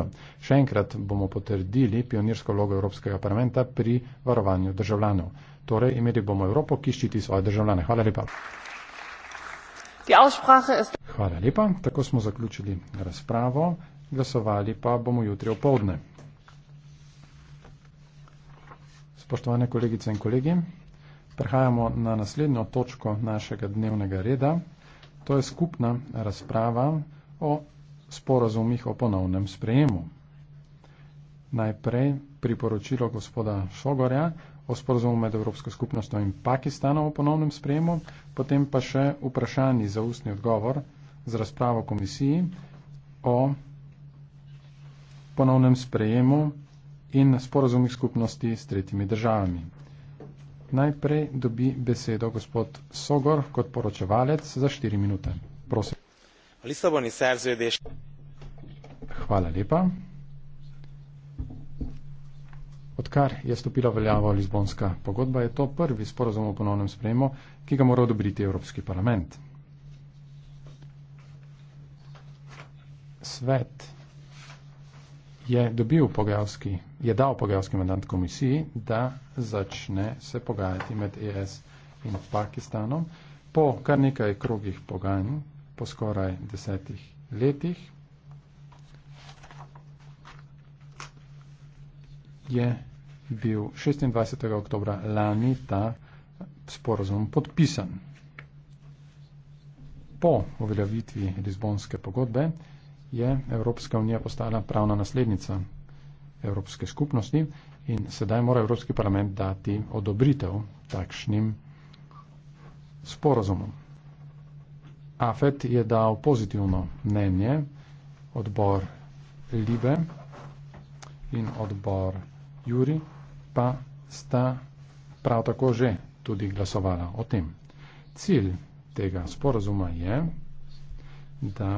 No. Še enkrat bomo potrdili pionirsko vlogo Evropskega parlamenta pri varovanju državljanov. Torej, imeli bomo Evropo, ki ščiti svoje državljane. Hvala lepa. Hvala lepa. Tako smo zaključili razpravo. Glasovali pa bomo jutri o povdne. Spoštovane kolegice in kolegi, prehajamo na naslednjo točko našega dnevnega reda. To je skupna razprava o sporazumih o ponovnem sprejemu. Najprej priporočilo gospoda Šogorja o sporazumu med Evropsko skupnostjo in Pakistanom o ponovnem sprejemu, potem pa še vprašanje za ustni odgovor z razpravo komisiji o ponovnem sprejemu in sporazumih skupnosti s tretjimi državami. Najprej dobi besedo gospod Sogor kot poročevalec za štiri minute. Prosim a lisszaboni szerződés. Hvala lepa. Odkar je stopila veljavo Lizbonska pogodba, je to prvi sporozum o ponovnem sprejemu, ki ga mora odobriti Evropski parlament. Svet je, je dal pogajalski mandat komisiji, da začne se pogajati med ES in Pakistanom. Po kar nekaj krogih pogajanj po skoraj desetih letih je bil 26. oktobra lani ta sporozum podpisan. Po uveljavitvi Lizbonske pogodbe je Evropska unija postala pravna naslednica Evropske skupnosti in sedaj mora Evropski parlament dati odobritev takšnim sporozumom. Afet je dal pozitivno mnenje, odbor Libe in odbor Juri pa sta prav tako že tudi glasovala o tem. Cilj tega sporazuma je, da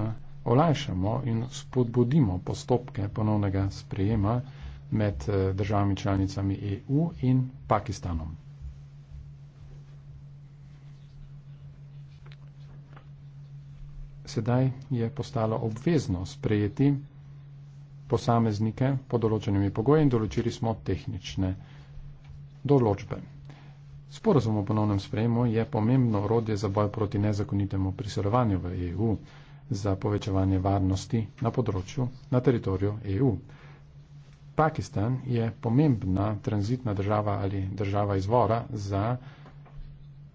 olajšamo in spodbudimo postopke ponovnega sprejema med eh, državami članicami EU in Pakistanom. sedaj je postalo obvezno sprejeti posameznike pod določenimi pogoji in določili smo tehnične določbe. Sporazum o ponovnem sprejemu je pomembno orodje za boj proti nezakonitemu priseljevanju v EU za povečevanje varnosti na področju, na teritoriju EU. Pakistan je pomembna tranzitna država ali država izvora za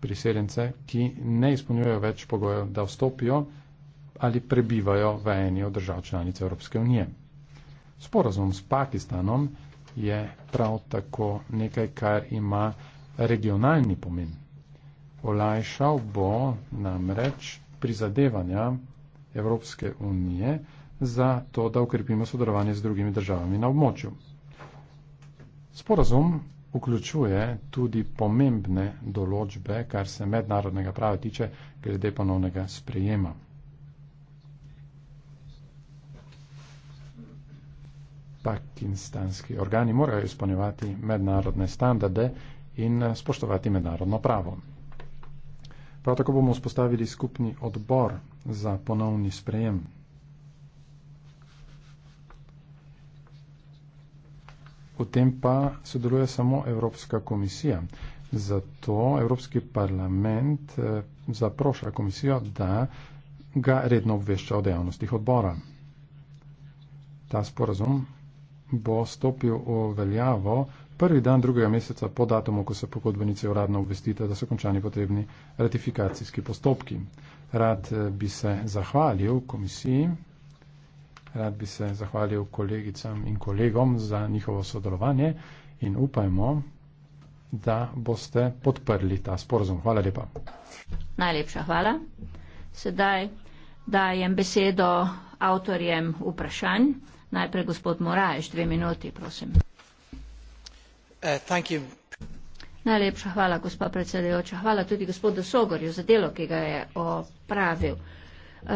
priseljence, ki ne izpolnjujejo več pogojev, da vstopijo ali prebivajo v eni od držav članic Evropske unije. Sporazum s Pakistanom je prav tako nekaj, kar ima regionalni pomen. Olajšal bo namreč prizadevanja Evropske unije za to, da ukrepimo sodelovanje z drugimi državami na območju. Sporazum vključuje tudi pomembne določbe, kar se mednarodnega prava tiče, glede ponovnega sprejema. pakistanski organi morajo izpolnjevati mednarodne standarde in eh, spoštovati mednarodno pravo. Prav tako bomo vzpostavili skupni odbor za ponovni sprejem. V tem pa sodeluje samo Evropska komisija. Zato Evropski parlament eh, zaproša komisijo, da ga redno obvešča o dejavnostih odbora. Ta sporazum bo stopil v veljavo prvi dan drugega meseca po datumu, ko se pogodbenice uradno obvestite, da so končani potrebni ratifikacijski postopki. Rad eh, bi se zahvalil komisiji, rad bi se zahvalil kolegicam in kolegom za njihovo sodelovanje in upajmo, da boste podprli ta sporozum. Hvala lepa. Najlepša hvala. Sedaj dajem besedo avtorjem vprašanj. Najprej gospod Moraješ, dve minuti, prosim. Eh, Najlepša hvala, gospa predsedajoča. Hvala tudi gospodu Sogorju za delo, ki ga je opravil. Uh,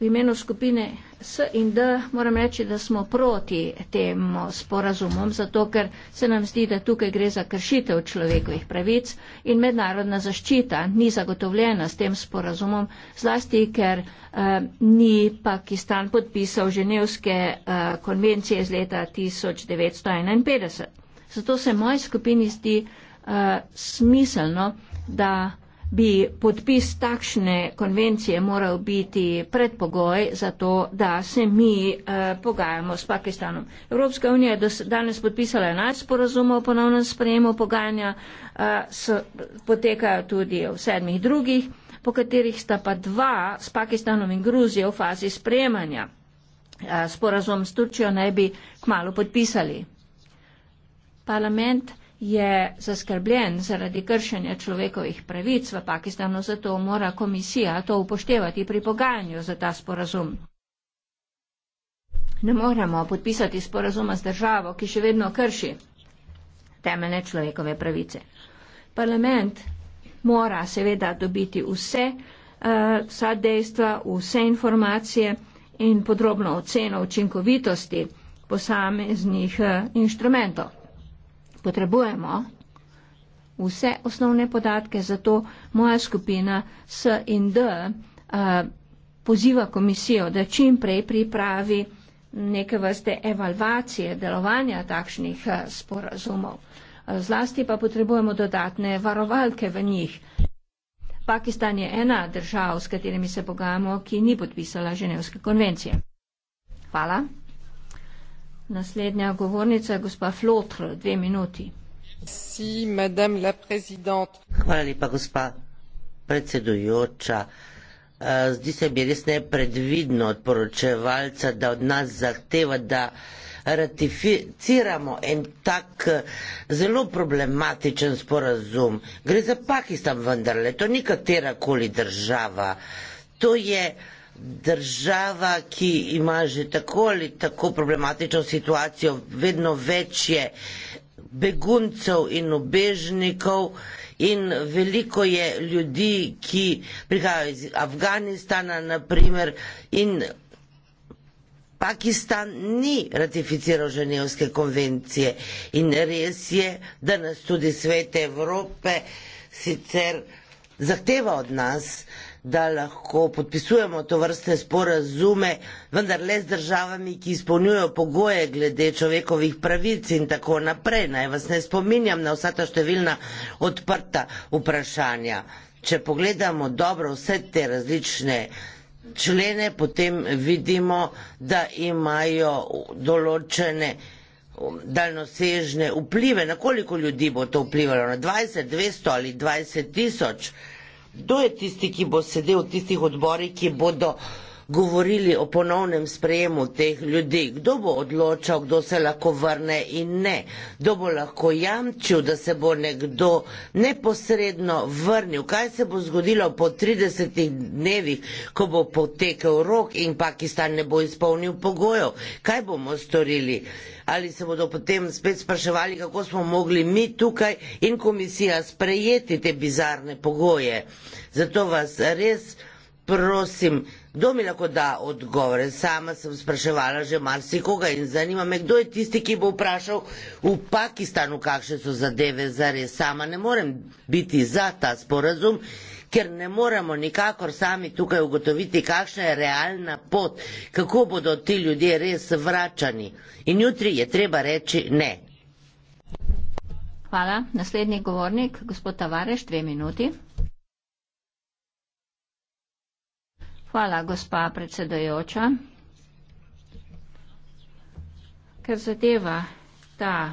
V imenu skupine S in D moram reči, da smo proti tem sporazumom, zato ker se nam zdi, da tukaj gre za kršitev človekovih pravic in mednarodna zaščita ni zagotovljena s tem sporazumom, zlasti ker eh, ni Pakistan podpisal ženevske eh, konvencije iz leta 1951. Zato se moji skupini zdi eh, smiselno, da bi podpis takšne konvencije moral biti predpogoj za to, da se mi eh, pogajamo s Pakistanom. Evropska unija je danes podpisala enajst sporazumov o ponovnem sprejemu pogajanja, eh, so, potekajo tudi v sedmih drugih, po katerih sta pa dva s Pakistanom in Gruzijo v fazi sprejemanja. Eh, sporazum s Turčijo naj bi kmalo podpisali. Parlament je zaskrbljen zaradi kršenja človekovih pravic v Pakistanu, zato mora komisija to upoštevati pri pogajanju za ta sporazum. Ne moremo podpisati sporazuma z državo, ki še vedno krši temeljne človekove pravice. Parlament mora seveda dobiti vse, eh, vsa dejstva, vse informacije in podrobno oceno učinkovitosti posameznih eh, inštrumentov potrebujemo vse osnovne podatke, zato moja skupina S in D eh, poziva komisijo, da čim prej pripravi neke vrste evalvacije delovanja takšnih eh, sporazumov. Eh, zlasti pa potrebujemo dodatne varovalke v njih. Pakistan je ena država, s katerimi se pogajamo, ki ni podpisala Ženevske konvencije. Hvala. Naslednja govornica je gospa Flotr, dve minuti. Si, Hvala lepa, gospa predsedujoča. Eh, zdi se mi res nepredvidno od poročevalca, da od nas zahteva, da ratificiramo en tak eh, zelo problematičen sporazum. Gre za Pakistan vendarle, to ni katera koli država. To je država, ki ima že tako ali tako problematično situacijo, vedno več je beguncev in ubežnikov in veliko je ljudi, ki prihajajo iz Afganistana, naprimer, in Pakistan ni ratificiral ženevske konvencije in res je, da nas tudi svet Evrope sicer zahteva od nas, da lahko podpisujemo to vrste sporazume, vendar le z državami, ki izpolnjujo pogoje glede človekovih pravic in tako naprej. Naj vas ne spominjam na vsa ta številna odprta vprašanja. Če pogledamo dobro vse te različne člene, potem vidimo, da imajo določene daljnosežne vplive. Na koliko ljudi bo to vplivalo? Na 20, 200 ali 20 tisoč? kdo je tisti, ki bo sedel v tistih odborih, ki bodo govorili o ponovnem sprejemu teh ljudi, kdo bo odločal, kdo se lahko vrne in ne, kdo bo lahko jamčil, da se bo nekdo neposredno vrnil, kaj se bo zgodilo po 30 dnevih, ko bo potekel rok in Pakistan ne bo izpolnil pogojev, kaj bomo storili. Ali se bodo potem spet spraševali, kako smo mogli mi tukaj in komisija sprejeti te bizarne pogoje. Zato vas res prosim, Kdo mi lahko da odgovore? Sama sem spraševala že marsikoga in zanima me, kdo je tisti, ki bo vprašal v Pakistanu, kakšne so zadeve za res. Sama ne morem biti za ta sporazum, ker ne moremo nikakor sami tukaj ugotoviti, kakšna je realna pot, kako bodo ti ljudje res vračani. In jutri je treba reči ne. Hvala. Naslednji govornik, gospod Tavareš, dve minuti. Hvala, gospa predsedajoča. Ker zadeva ta eh,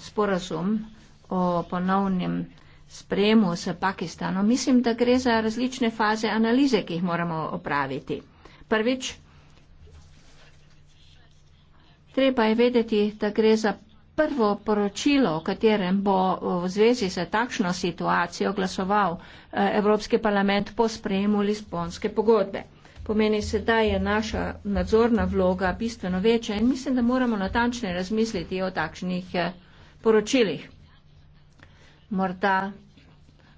sporazum o ponovnem spremu s Pakistanom, mislim, da gre za različne faze analize, ki jih moramo opraviti. Prvič, treba je vedeti, da gre za prvo poročilo, o katerem bo v zvezi z takšno situacijo glasoval eh, Evropski parlament po sprejemu Lisbonske pogodbe. Pomeni se, da je naša nadzorna vloga bistveno večja in mislim, da moramo natančne razmisliti o takšnih eh, poročilih. Morda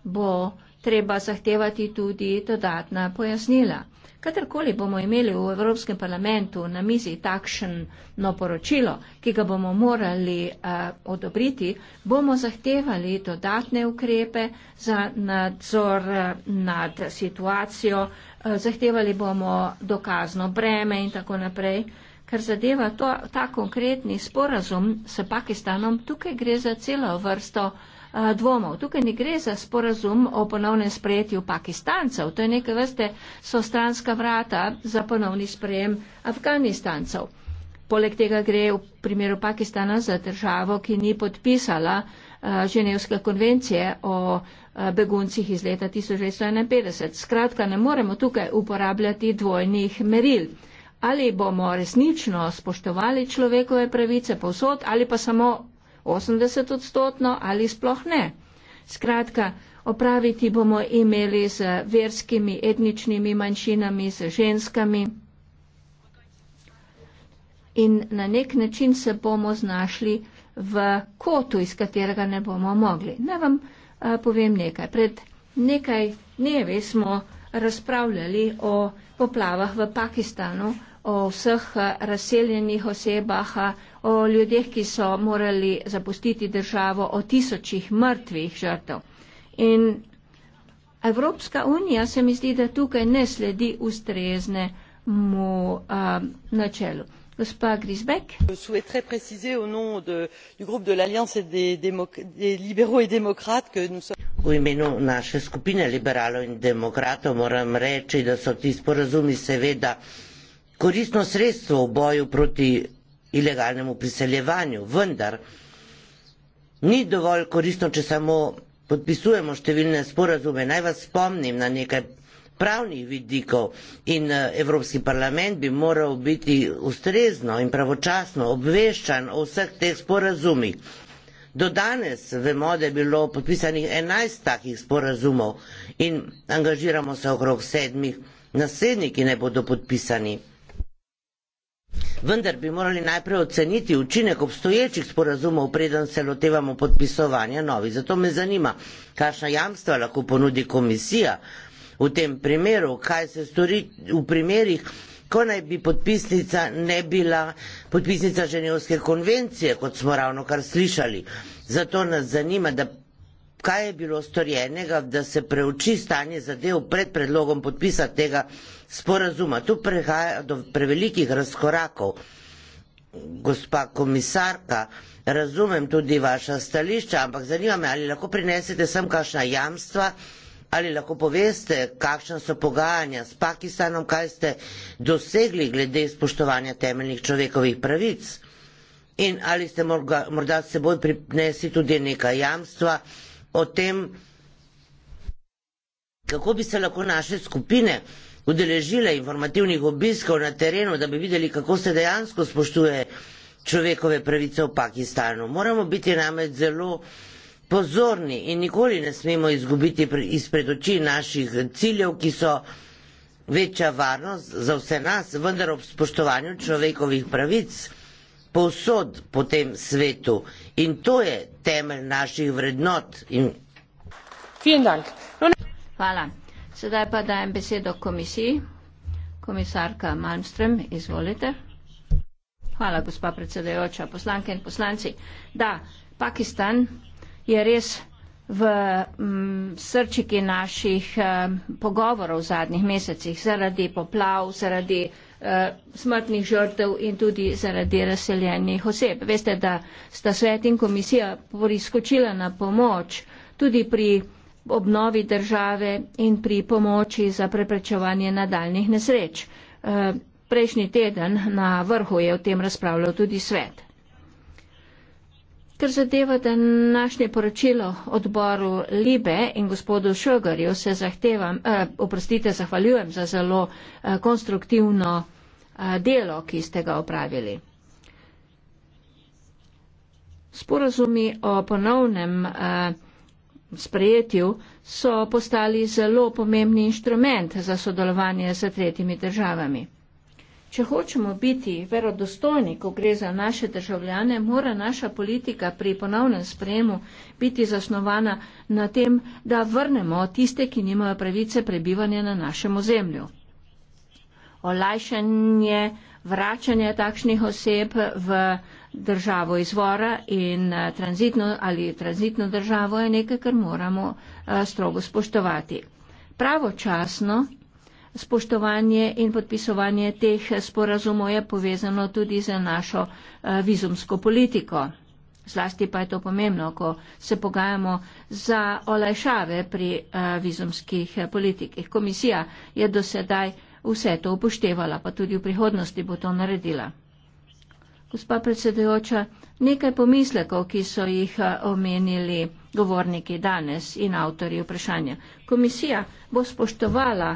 bo treba zahtevati tudi dodatna pojasnila. Katerkoli bomo imeli v Evropskem parlamentu na mizi takšno poročilo, ki ga bomo morali uh, odobriti, bomo zahtevali dodatne ukrepe za nadzor eh, nad situacijo, uh, zahtevali bomo dokazno breme in tako naprej. Ker zadeva to, ta konkretni sporazum s Pakistanom, tukaj gre za celo vrsto dvomov. Tukaj ne gre za sporazum o ponovnem sprejetju Pakistancev, to je neke vrste sostranska vrata za ponovni sprejem Afganistancev. Poleg tega gre v primeru Pakistana za državo, ki ni podpisala Ženevske konvencije o beguncih iz leta 1951. Skratka, ne moremo tukaj uporabljati dvojnih meril. Ali bomo resnično spoštovali človekove pravice povsod ali pa samo 80 odstotno ali sploh ne. Skratka, opraviti bomo imeli z verskimi, etničnimi manjšinami, z ženskami in na nek način se bomo znašli v kotu, iz katerega ne bomo mogli. Naj vam a, povem nekaj. Pred nekaj dnevi smo razpravljali o poplavah v Pakistanu o vseh eh, razseljenih osebah, eh, o ljudeh, ki so morali zapustiti državo, o tisočih mrtvih žrtev. In Evropska unija se mi zdi, da tukaj ne sledi ustrezne mu a, eh, načelu. Gospa Grisbek. V imenu naše skupine liberalov in demokratov moram reči, da so ti sporazumi seveda koristno sredstvo v boju proti ilegalnemu priseljevanju, vendar ni dovolj koristno, če samo podpisujemo številne sporazume. Naj vas spomnim na nekaj pravnih vidikov in eh, Evropski parlament bi moral biti ustrezno in pravočasno obveščan o vseh teh sporazumih. Do danes vemo, da je bilo podpisanih 11 takih sporazumov in angažiramo se okrog sedmih naslednjih, ki ne bodo podpisani. Vendar bi morali najprej oceniti učinek obstoječih sporazumov, preden se lotevamo podpisovanja novih. Zato me zanima, kakšna jamstva lahko ponudi komisija v tem primeru, kaj se stori v primerih, ko naj bi podpisnica ne bila podpisnica Ženevske konvencije, kot smo ravno kar slišali. Zato nas zanima, da kaj je bilo storjenega, da se preuči stanje zadev pred predlogom podpisa tega sporazuma. Tu prihaja do prevelikih razkorakov. Gospa komisarka, razumem tudi vaša stališča, ampak zanima me, ali lahko prinesete sem kakšna jamstva, ali lahko poveste, kakšna so pogajanja s Pakistanom, kaj ste dosegli glede spoštovanja temeljnih človekovih pravic in ali ste morda s seboj prinesli tudi nekaj jamstva, o tem, kako bi se lahko naše skupine udeležile informativnih obiskov na terenu, da bi videli, kako se dejansko spoštuje človekove pravice v Pakistanu. Moramo biti namreč zelo pozorni in nikoli ne smemo izgubiti izpred oči naših ciljev, ki so večja varnost za vse nas, vendar ob spoštovanju človekovih pravic povsod po tem svetu. In to je temelj naših vrednot. No, Hvala. Sedaj pa dajem besedo komisiji. Komisarka Malmström, izvolite. Hvala, gospa predsedajoča, poslanke in poslanci. Da, Pakistan je res v m, mm, srčiki naših m, eh, pogovorov v zadnjih mesecih zaradi poplav, zaradi Eh, smrtnih žrtev in tudi zaradi razseljenih oseb. Veste, da sta svet in komisija priskočila na pomoč tudi pri obnovi države in pri pomoči za preprečevanje nadaljnih nesreč. Eh, prejšnji teden na vrhu je o tem razpravljal tudi svet. Ker zadeva današnje poročilo odboru Libe in gospodu Šogarju, se zahtevam, eh, oprostite, zahvaljujem za zelo eh, konstruktivno delo, ki ste ga opravili. Sporazumi o ponovnem sprejetju so postali zelo pomembni inštrument za sodelovanje z tretjimi državami. Če hočemo biti verodostojni, ko gre za naše državljane, mora naša politika pri ponovnem sprejemu biti zasnovana na tem, da vrnemo tiste, ki nimajo pravice prebivanja na našem ozemlju olajšanje vračanja takšnih oseb v državo izvora in eh, tranzitno ali tranzitno državo je nekaj, kar moramo eh, strogo spoštovati. Pravočasno spoštovanje in podpisovanje teh sporazumov je povezano tudi z našo eh, vizumsko politiko. Zlasti pa je to pomembno, ko se pogajamo za olajšave pri vizumskih politikih. Komisija je do sedaj vse to upoštevala, pa tudi v prihodnosti bo to naredila. Gospa predsedujoča, nekaj pomislekov, ki so jih eh, omenili govorniki danes in avtori vprašanja. Komisija bo spoštovala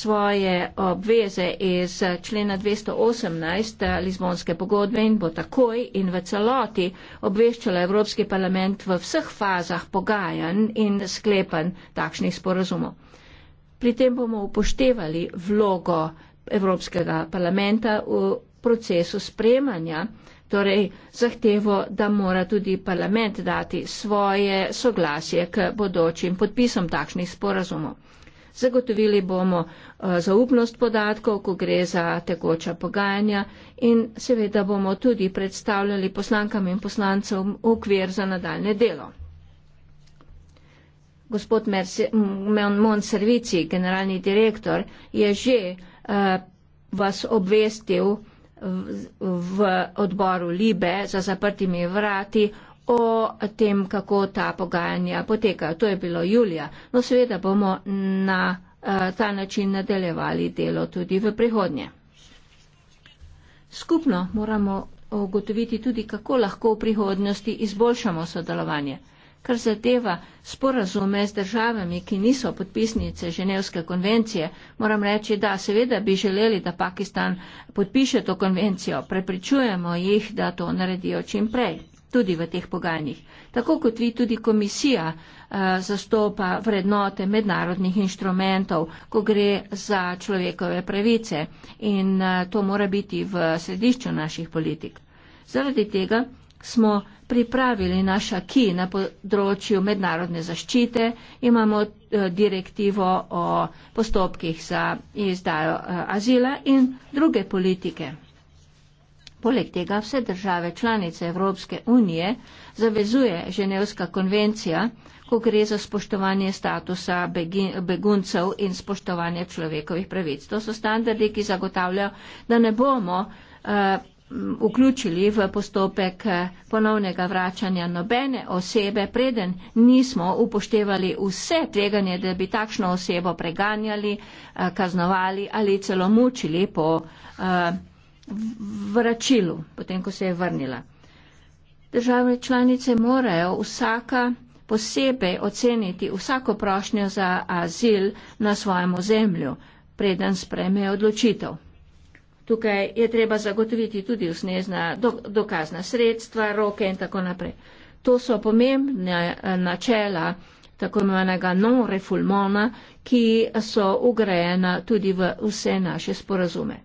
svoje obveze iz eh, člena 218 eh, Lizbonske pogodbe in bo takoj in v celoti obveščala Evropski parlament v vseh fazah pogajanj in sklepanj takšnih sporazumov. Pri tem bomo upoštevali vlogo Evropskega parlamenta v procesu spremanja, torej zahtevo, da mora tudi parlament dati svoje soglasje k bodočim podpisom takšnih sporazumov. Zagotovili bomo eh, zaupnost podatkov, ko gre za tekoča pogajanja in seveda bomo tudi predstavljali poslankam in poslancem okvir za nadaljne delo gospod Monservici, generalni direktor, je že uh, vas obvestil v odboru Libe za zaprtimi vrati o tem, kako ta pogajanja potekajo. To je bilo julija. No seveda bomo na eh, ta način nadaljevali delo tudi v prihodnje. Skupno moramo ugotoviti tudi, kako lahko v prihodnosti izboljšamo sodelovanje kar zadeva sporazume z državami, ki niso podpisnice Ženevske konvencije, moram reči, da seveda bi želeli, da Pakistan podpiše to konvencijo. Prepričujemo jih, da to naredijo čim prej, tudi v teh pogajanjih. Tako kot vi, tudi komisija uh, zastopa vrednote mednarodnih inštrumentov, ko gre za človekove pravice in uh, to mora biti v središču naših politik. Zaradi tega smo pripravili naš aki na področju mednarodne zaščite, imamo eh, direktivo o postopkih za izdajo eh, azila in druge politike. Poleg tega vse države članice Evropske unije zavezuje Ženevska konvencija, ko gre za spoštovanje statusa beguncev in spoštovanje človekovih pravic. To so standardi, ki zagotavljajo, da ne bomo eh, vključili v postopek eh, ponovnega vračanja nobene osebe, preden nismo upoštevali vse tveganje, da bi takšno osebo preganjali, eh, kaznovali ali celo mučili po eh, vračilu, potem ko se je vrnila. Države članice morajo vsaka posebej oceniti vsako prošnjo za azil na svojem ozemlju, preden spremejo odločitev. Tukaj je treba zagotoviti tudi usnezna dokazna sredstva, roke in tako naprej. To so pomembne eh, načela tako imenega non-refulmona, ki so ugrajena tudi v vse naše sporazume.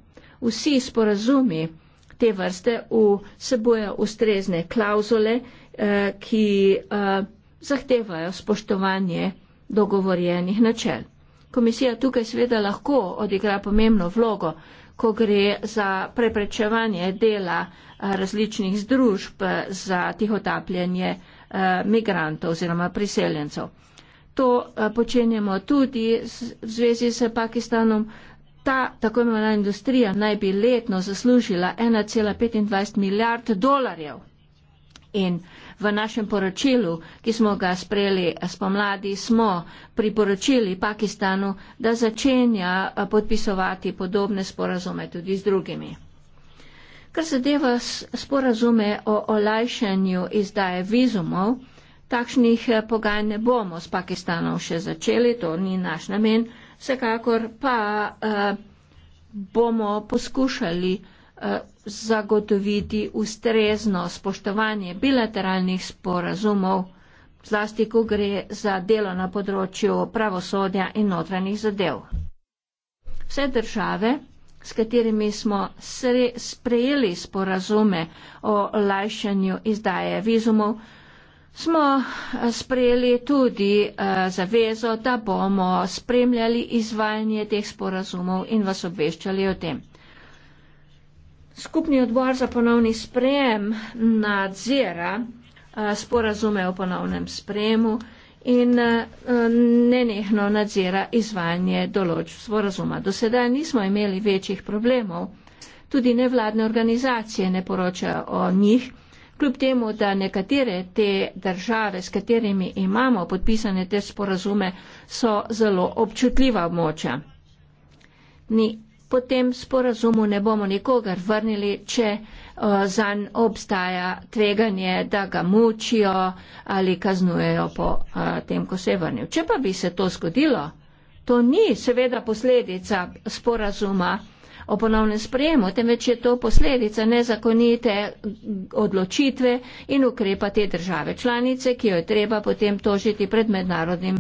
Vsi sporazumi te vrste vsebojo ustrezne klauzule, eh, ki eh, zahtevajo spoštovanje dogovorjenih načel. Komisija tukaj seveda lahko odigra pomembno vlogo, ko gre za preprečevanje dela eh, različnih združb eh, za tihotapljanje eh, migrantov oziroma priseljencev. To počenjamo tudi v zvezi s Pakistanom. Ta tako imenovana industrija naj bi letno zaslužila 1,25 milijard dolarjev. In v našem poročilu, ki smo ga sprejeli spomladi, smo priporočili Pakistanu, da začenja eh, podpisovati podobne sporazume tudi z drugimi. Kar zadeva sporazume o olajšanju izdaje vizumov, takšnih eh, pogaj ne bomo s Pakistanom še začeli, to ni naš namen, vsekakor pa eh, bomo poskušali eh, Eh, zagotoviti ustrezno spoštovanje bilateralnih sporazumov, zlasti ko gre za delo na področju pravosodja in notranjih zadev. Vse države, s katerimi smo sprejeli sporazume o lajšanju izdaje vizumov, smo eh, sprejeli tudi eh, zavezo, da bomo spremljali izvajanje teh sporazumov in vas obveščali o tem. Skupni odbor za ponovni sprejem nadzira eh, sporazume o ponovnem sprejemu in eh, nenehno nadzira izvajanje določ sporazuma. Do sedaj nismo imeli večjih problemov. Tudi nevladne organizacije ne poročajo o njih, kljub temu, da nekatere te države, s katerimi imamo podpisane te sporazume, so zelo občutljiva območja. Ni potem sporazumu ne bomo nikogar vrnili, če uh, zanj obstaja tveganje, da ga mučijo ali kaznujejo po uh, tem, ko se je vrnil. Če pa bi se to zgodilo, to ni seveda posledica sporazuma o ponovnem sprejemu, temveč je to posledica nezakonite odločitve in ukrepa te države članice, ki jo je treba potem tožiti pred mednarodnim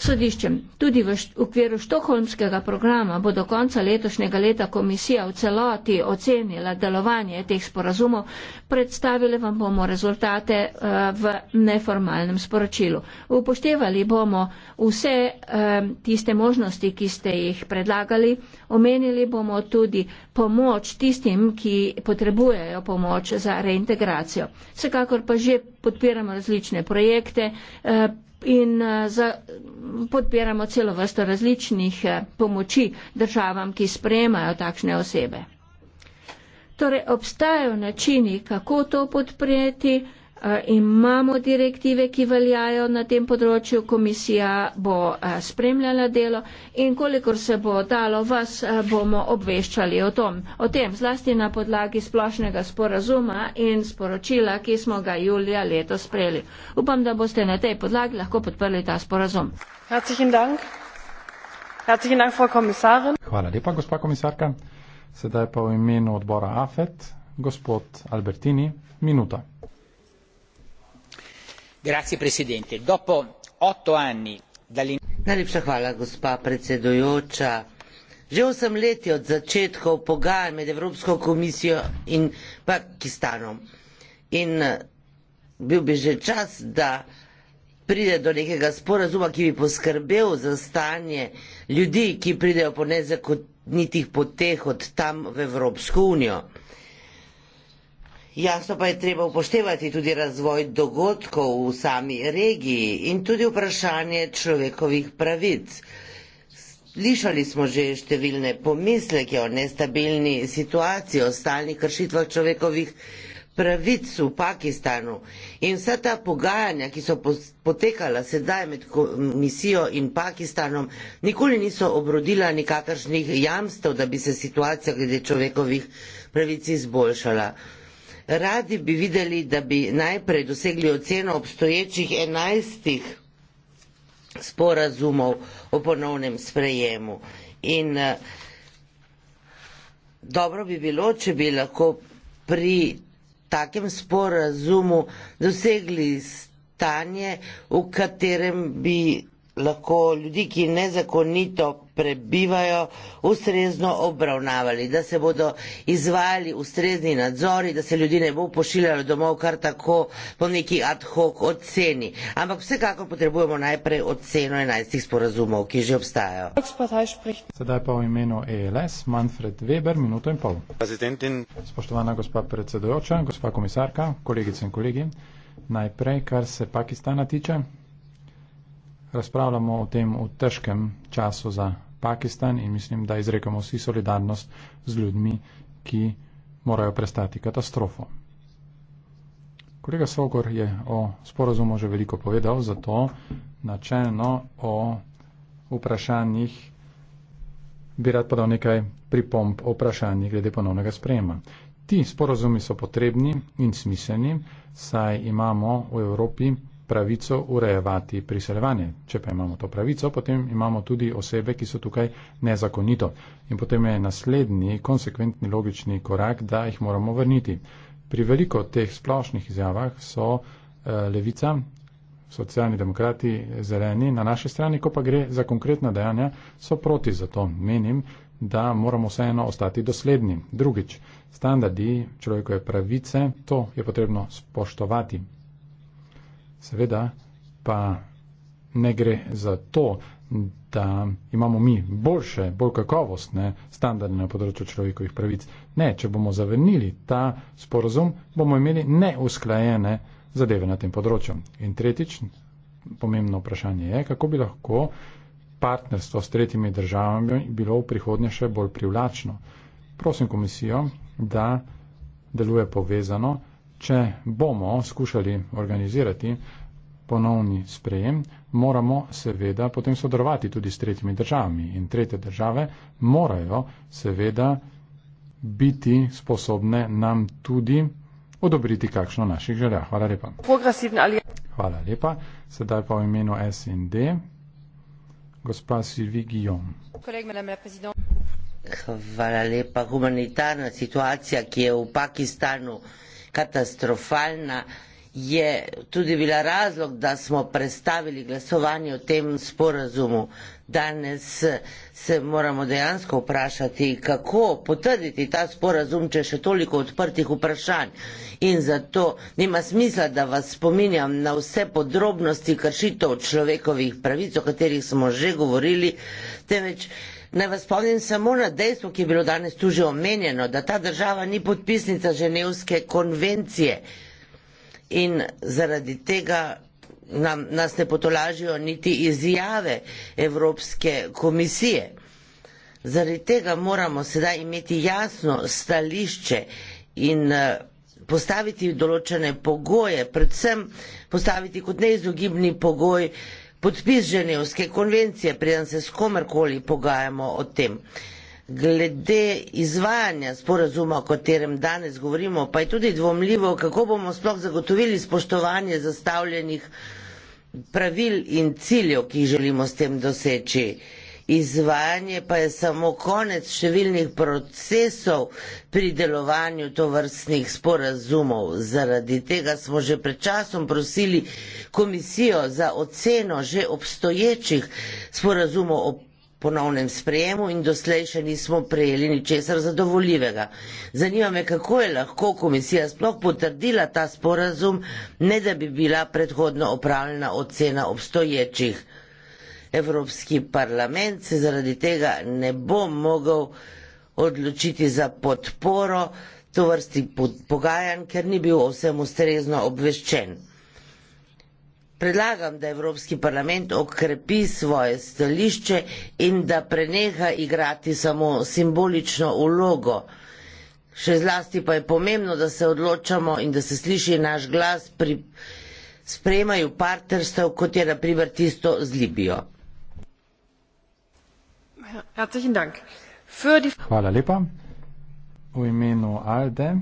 sodiščem. Tudi v, št v okviru štokholmskega programa bo do konca letošnjega leta komisija v celoti ocenila delovanje teh sporazumov, predstavili vam bomo rezultate uh, v neformalnem sporočilu. Upoštevali bomo vse uh, tiste možnosti, ki ste jih predlagali, omenili bomo tudi pomoč tistim, ki potrebujejo pomoč za reintegracijo. Vsekakor pa že podpiramo različne projekte. Uh, in eh, za, podpiramo celo vrsto različnih eh, pomoči državam, ki sprejemajo takšne osebe. Torej, obstajajo načini, kako to podpreti. Eh, imamo direktive, ki veljajo na tem področju, komisija bo eh, spremljala delo in kolikor se bo dalo, vas eh, bomo obveščali o tom, o tem, zlasti na podlagi splošnega sporazuma in sporočila, ki smo ga julija leto sprejeli. Upam, da boste na tej podlagi lahko podprli ta sporazum. Hvala lepa, gospa komisarka. Sedaj pa v imenu odbora AFET, gospod Albertini, minuta najlepša hvala gospa predsedujoča že osem let je od začetkov pogajanj med evropsko komisijo in pakistanom in eh, bil bi že čas da pride do nekega sporazuma ki bi poskrbel za stanje ljudi ki pridejo po nezakonitih poteh od tam v evropsko unijo. Jasno pa je treba upoštevati tudi razvoj dogodkov v sami regiji in tudi vprašanje človekovih pravic. Slišali smo že številne pomisleke o nestabilni situaciji, o stalnih kršitvah človekovih pravic v Pakistanu in vsa ta pogajanja, ki so potekala sedaj med komisijo in Pakistanom, nikoli niso obrodila nikakršnih jamstev, da bi se situacija glede človekovih pravic izboljšala radi bi videli, da bi najprej dosegli oceno obstoječih enajstih sporazumov o ponovnem sprejemu. In eh, dobro bi bilo, če bi lahko pri takem sporazumu dosegli stanje, v katerem bi lahko ljudi, ki nezakonito prebivajo, ustrezno obravnavali, da se bodo izvajali ustrezni nadzori, da se ljudi ne bo pošiljalo domov kar tako po neki ad hoc oceni. Ampak vsekakor potrebujemo najprej oceno enajstih sporazumov, ki že obstajajo. Sedaj pa v imenu ELS Manfred Weber, minuto in pol. Prezidentin. Spoštovana gospa predsedojoča, gospa komisarka, kolegice in kolegi, najprej, kar se Pakistana tiče razpravljamo o tem v težkem času za Pakistan in mislim, da izrekamo vsi solidarnost z ljudmi, ki morajo prestati katastrofo. Kolega Sogor je o sporozumu že veliko povedal, zato načelno o vprašanjih bi rad podal nekaj pripomp o vprašanjih glede ponovnega sprejema. Ti sporozumi so potrebni in smiselni, saj imamo v Evropi pravico urejevati priseljevanje. Če pa imamo to pravico, potem imamo tudi osebe, ki so tukaj nezakonito. In potem je naslednji konsekventni logični korak, da jih moramo vrniti. Pri veliko teh splošnih izjavah so eh, levica, socialni demokrati, zeleni na naši strani, ko pa gre za konkretna dejanja, so proti za to. Menim, da moramo vseeno ostati dosledni. Drugič, standardi človekove pravice, to je potrebno spoštovati. Seveda pa ne gre za to, da imamo mi boljše, bolj kakovostne standarde na področju človekovih pravic. Ne, če bomo zavrnili ta sporozum, bomo imeli neusklajene zadeve na tem področju. In tretjič, pomembno vprašanje je, kako bi lahko partnerstvo s tretjimi državami bilo v prihodnje še bolj privlačno. Prosim komisijo, da deluje povezano če bomo skušali organizirati ponovni sprejem, moramo seveda potem sodelovati tudi s tretjimi državami in tretje države morajo seveda biti sposobne nam tudi odobriti kakšno naših želja. Hvala lepa. Hvala lepa. Sedaj pa v imenu SND. Gospa Sivi Gijom. Hvala lepa. Humanitarna situacija, ki je v Pakistanu katastrofalna, je tudi bila razlog, da smo predstavili glasovanje o tem sporazumu. Danes se moramo dejansko vprašati, kako potrditi ta sporazum, če še toliko odprtih vprašanj. In zato nima smisla, da vas spominjam na vse podrobnosti kršitev človekovih pravic, o katerih smo že govorili, temveč Naj vas spomnim samo na dejstvo, ki je bilo danes tu že omenjeno, da ta država ni podpisnica Ženevske konvencije in zaradi tega nam, nas ne potolažijo niti izjave Evropske komisije. Zaradi tega moramo sedaj imeti jasno stališče in eh, postaviti določene pogoje, predvsem postaviti kot neizogibni pogoj, podpis Ženevske konvencije, preden se s komerkoli pogajamo o tem. Glede izvajanja sporazuma, o katerem danes govorimo, pa je tudi dvomljivo, kako bomo sploh zagotovili spoštovanje zastavljenih pravil in ciljev, ki jih želimo s tem doseči izvajanje pa je samo konec številnih procesov pri delovanju tovrstnih sporazumov. Zaradi tega smo že pred časom prosili komisijo za oceno že obstoječih sporazumov o ponovnem sprejemu in doslej še nismo prejeli ničesar zadovoljivega. Zanima me, kako je lahko komisija sploh potrdila ta sporazum, ne da bi bila predhodno opravljena ocena obstoječih sporazumov. Evropski parlament se zaradi tega ne bo mogel odločiti za podporo to vrsti pogajanj, ker ni bil vsem ustrezno obveščen. Predlagam, da Evropski parlament okrepi svoje stališče in da preneha igrati samo simbolično ulogo. Še zlasti pa je pomembno, da se odločamo in da se sliši naš glas pri sprejemanju partnerstev, kot je naprimer tisto z Libijo. Hvala lepa. V imenu Alde,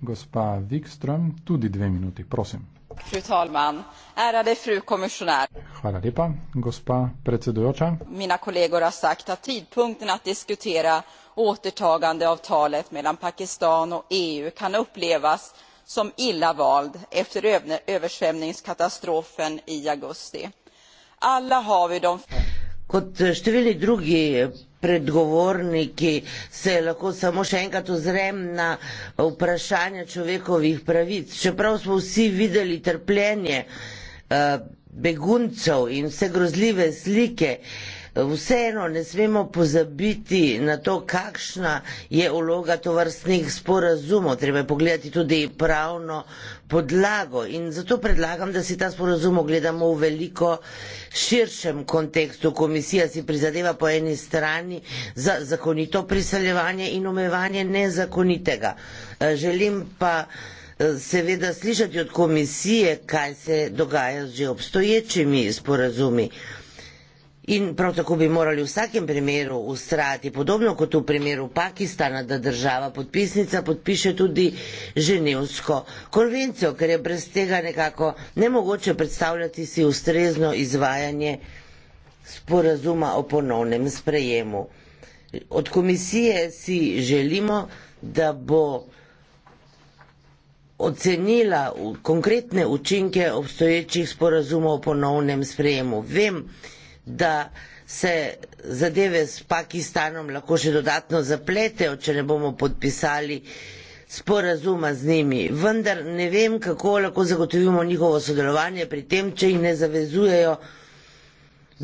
gospa Wikström, tudi dve minuti, prosim. Fru talman, ärade fru kommissionär. Hvala lepa, gospa predsedujoča. Mina kolegor har sagt att tidpunkten att diskutera återtagande av talet mellan Pakistan och EU kan upplevas som illa vald efter översvämningskatastrofen i augusti. Alla har vi de kot eh, številni drugi predgovorniki se lahko samo še enkrat ozrem na vprašanje človekovih pravic. Čeprav smo vsi videli trpljenje eh, beguncev in vse grozljive slike, vseeno ne smemo pozabiti na to, kakšna je uloga tovrstnih sporazumov. Treba je pogledati tudi pravno podlago in zato predlagam, da si ta sporazum ogledamo v veliko širšem kontekstu. Komisija si prizadeva po eni strani za zakonito priseljevanje in omejevanje nezakonitega. Eh, želim pa eh, seveda slišati od komisije, kaj se dogaja z že obstoječimi sporazumi. In prav tako bi morali v vsakem primeru ustrajati, podobno kot v primeru Pakistana, da država podpisnica podpiše tudi ženevsko konvencijo, ker je brez tega nekako nemogoče predstavljati si ustrezno izvajanje sporazuma o ponovnem sprejemu. Od komisije si želimo, da bo ocenila konkretne učinke obstoječih sporazumov o ponovnem sprejemu. Vem, da se zadeve s Pakistanom lahko še dodatno zapletejo, če ne bomo podpisali sporazuma z njimi. Vendar ne vem, kako lahko zagotovimo njihovo sodelovanje pri tem, če jih ne zavezujejo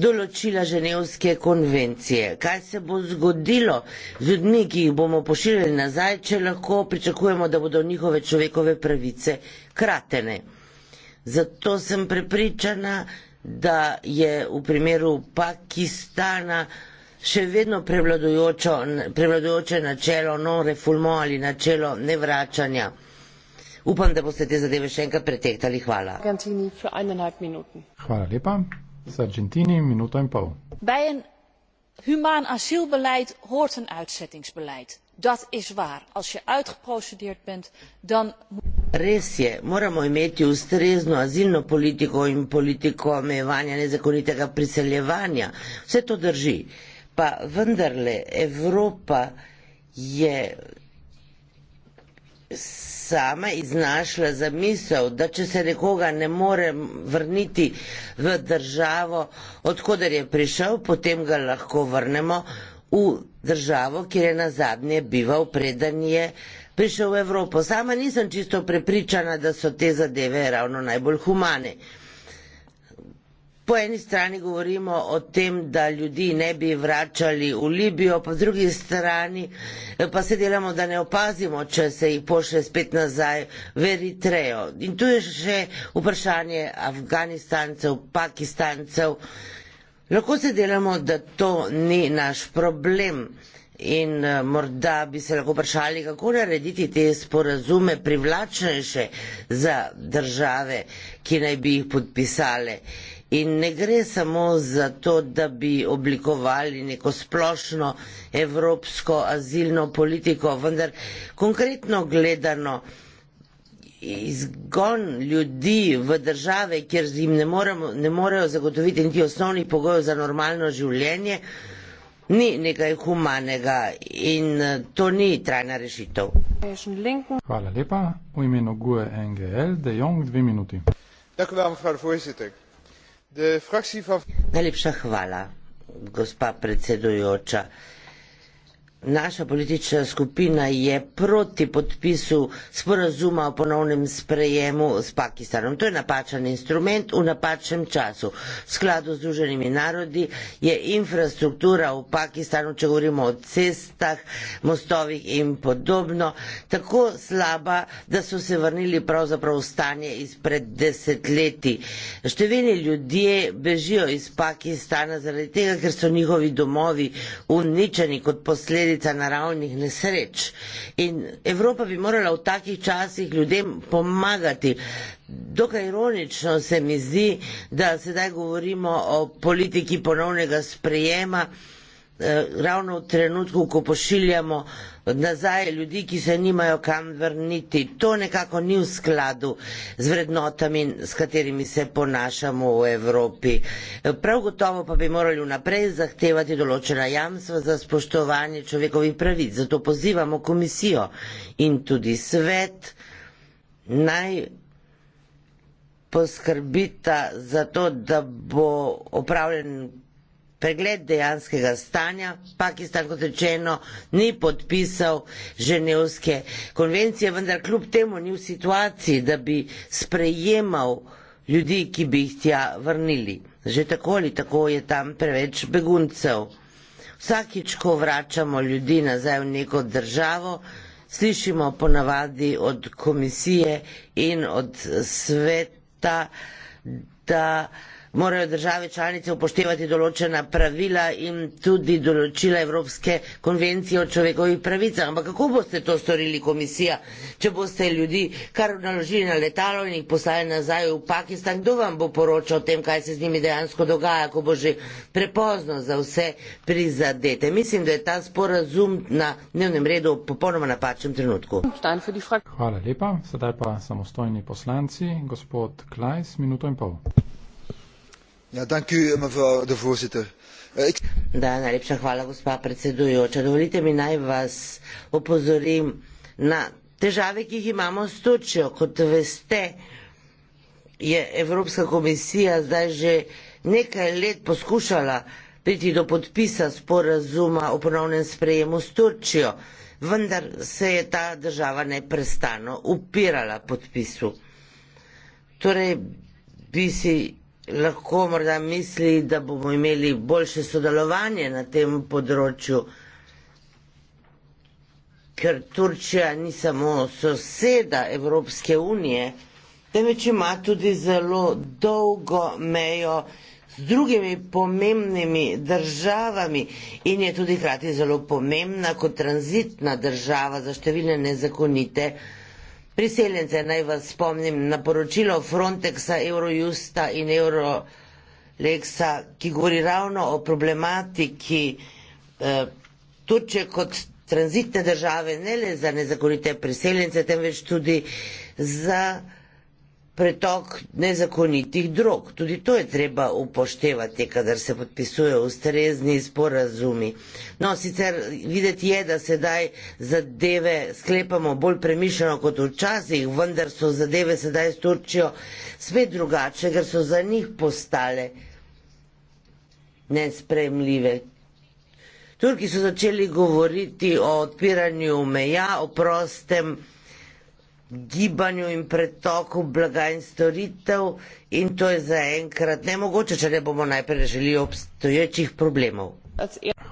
določila Ženevske konvencije. Kaj se bo zgodilo z ljudmi, ki jih bomo pošiljali nazaj, če lahko pričakujemo, da bodo njihove človekove pravice kratene. Zato sem prepričana, da je v primeru Pakistana še vedno prevladujoče načelo non-refulmo ali načelo nevračanja. Upam, da boste te zadeve še enkrat pretehtali. Hvala. Hvala lepa. Z Argentini minuto in pol. Human asielbeleid hoort een uitzettingsbeleid. Dat is waar. Als je uitgeprocedeerd bent, dan moet je. Res je, moramo imeti ustrezno azilno politiko in politiko omejevanja nezakonitega priseljevanja. Vse to drži. Pa vendarle, Evropa je sama iznašla zamisel, da če se nekoga ne more vrniti v državo, odkuder je prišel, potem ga lahko vrnemo v državo, kjer je na zadnje bival predanje prišel v Evropo. Sama nisem čisto prepričana, da so te zadeve ravno najbolj humane. Po eni strani govorimo o tem, da ljudi ne bi vračali v Libijo, po drugi strani eh, pa se delamo, da ne opazimo, če se jih pošle spet nazaj v Eritrejo. In tu je še vprašanje Afganistancev, Pakistancev. Lahko se delamo, da to ni naš problem. In eh, morda bi se lahko vprašali, kako narediti te sporazume privlačnejše za države, ki naj bi jih podpisale. In ne gre samo za to, da bi oblikovali neko splošno evropsko azilno politiko, vendar konkretno gledano izgon ljudi v države, kjer jim ne, moremo, ne morejo zagotoviti niti osnovnih pogojev za normalno življenje, ni nekaj humanega in eh, to ni trajna rešitev. Hvala lepa. V imenu GUE NGL, De Jong, dve minuti. Najlepša hvala, gospa predsedujoča. Naša politična skupina je proti podpisu sporazuma o ponovnem sprejemu s Pakistanom. To je napačen instrument v napačnem času. V skladu z Združenimi narodi je infrastruktura v Pakistanu, če govorimo o cestah, mostovih in podobno, tako slaba, da so se vrnili pravzaprav v stanje izpred desetletij. Številni ljudje bežijo iz Pakistana zaradi tega, ker so njihovi domovi uničeni kot posledica posledica naravnih nesreč. In Evropa bi morala v takih časih ljudem pomagati. Dokaj ironično se mi zdi, da sedaj govorimo o politiki ponovnega sprejema. Eh, ravno v trenutku, ko pošiljamo nazaj ljudi, ki se nimajo kam vrniti. To nekako ni v skladu z vrednotami, s katerimi se ponašamo v Evropi. Eh, prav gotovo pa bi morali vnaprej zahtevati določena jamstva za spoštovanje človekovih pravic. Zato pozivamo komisijo in tudi svet naj poskrbita za to, da bo opravljen pregled dejanskega stanja. Pakistan, kot rečeno, ni podpisal Ženevske konvencije, vendar kljub temu ni v situaciji, da bi sprejemal ljudi, ki bi jih tja vrnili. Že tako ali tako je tam preveč beguncev. Vsakič, ko vračamo ljudi nazaj v neko državo, slišimo ponavadi od komisije in od sveta, da morajo države članice upoštevati določena pravila in tudi določila Evropske konvencije o človekovih pravicah. Ampak kako boste to storili, komisija, če boste ljudi kar naložili na letalo in jih poslali nazaj v Pakistan? Kdo vam bo poročal o tem, kaj se z njimi dejansko dogaja, ko bo že prepozno za vse prizadete? Mislim, da je ta sporazum na dnevnem redu popolnoma napačen trenutku. Hvala lepa. Sedaj pa samostojni poslanci, gospod Klajs, minuto in pol. Ja, uh, najlepša hvala gospa predsedujoča. Dovolite mi naj vas opozorim na težave, ki jih imamo s Turčijo. Kot veste, je Evropska komisija zdaj že nekaj let poskušala priti do podpisa sporazuma o ponovnem sprejemu s Turčijo, vendar se je ta država neprestano upirala podpisu. Torej bi si lahko morda misli, da bomo imeli boljše sodelovanje na tem področju, ker Turčija ni samo soseda Evropske unije, temveč ima tudi zelo dolgo mejo z drugimi pomembnimi državami in je tudi hkrati zelo pomembna kot tranzitna država za številne nezakonite države. Priseljence naj vas spomnim na poročilo Frontexa, Eurojusta in Euroleksa, ki govori ravno o problematiki eh, Turčije kot tranzitne države, ne le za nezakonite priseljence, temveč tudi za pretok nezakonitih drog. Tudi to je treba upoštevati, kadar se podpisuje ustrezni sporazumi. No, sicer videti je, da sedaj zadeve sklepamo bolj premišljeno kot včasih, vendar so zadeve sedaj s Turčijo spet drugače, ker so za njih postale nespremljive. Turki so začeli govoriti o odpiranju meja, o prostem gibanju in pretoku blaga in storitev in to je zaenkrat nemogoče, če ne bomo najprej rešili obstoječih problemov.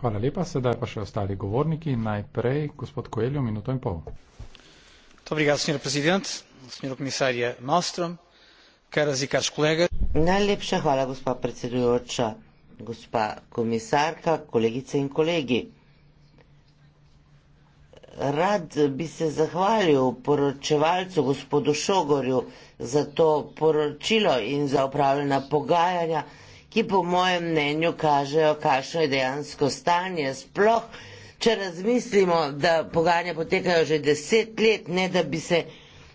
Hvala lepa, sedaj pa še ostali govorniki. Najprej gospod Koeljo, minuto in pol. E Najlepša hvala, gospa predsedujoča, gospa komisarka, kolegice in kolegi. Rad bi se zahvalil poročevalcu gospodu Šogorju za to poročilo in za upravljena pogajanja, ki po mojem mnenju kažejo, kakšno je dejansko stanje sploh, če razmislimo, da pogajanja potekajo že deset let, ne da bi se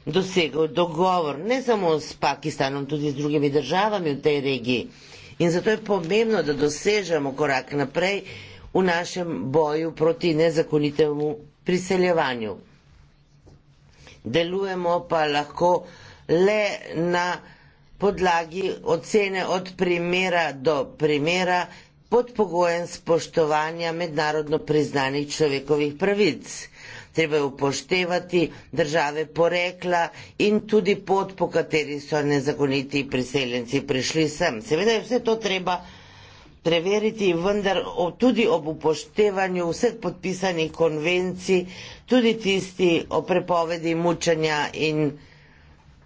dosegel dogovor, ne samo s Pakistanom, tudi z drugimi državami v tej regiji. In zato je pomembno, da dosežemo korak naprej v našem boju proti nezakonitemu priseljevanju. Delujemo pa lahko le na podlagi ocene od primera do primera pod pogojem spoštovanja mednarodno priznanih človekovih pravic. Treba je upoštevati države porekla in tudi pot, po kateri so nezakoniti priseljenci prišli sem. Seveda je vse to treba upoštevati preveriti, vendar tudi ob upoštevanju vseh podpisanih konvencij, tudi tisti o prepovedi mučanja in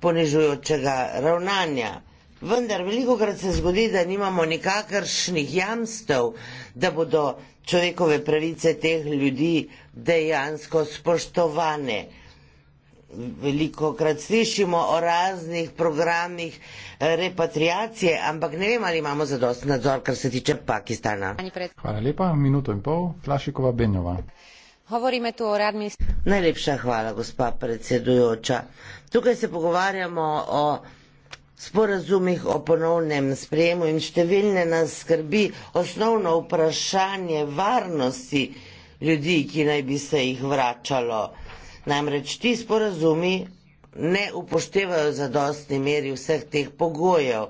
ponižujočega ravnanja. Vendar veliko krat se zgodi, da nimamo nikakršnih jamstev, da bodo človekove pravice teh ljudi dejansko spoštovane veliko krat slišimo o raznih programih eh, repatriacije, ampak ne vem, ali imamo zadost nadzor, kar se tiče Pakistana. Hvala lepa, minuto in pol, Flašikova Benjova. Govorime tu o radni. Najlepša hvala, gospa predsedujoča. Tukaj se pogovarjamo o sporazumih o ponovnem sprejemu in številne nas skrbi osnovno vprašanje varnosti ljudi, ki naj bi se jih vračalo. Namreč ti sporazumi ne upoštevajo zadostni meri vseh teh pogojev.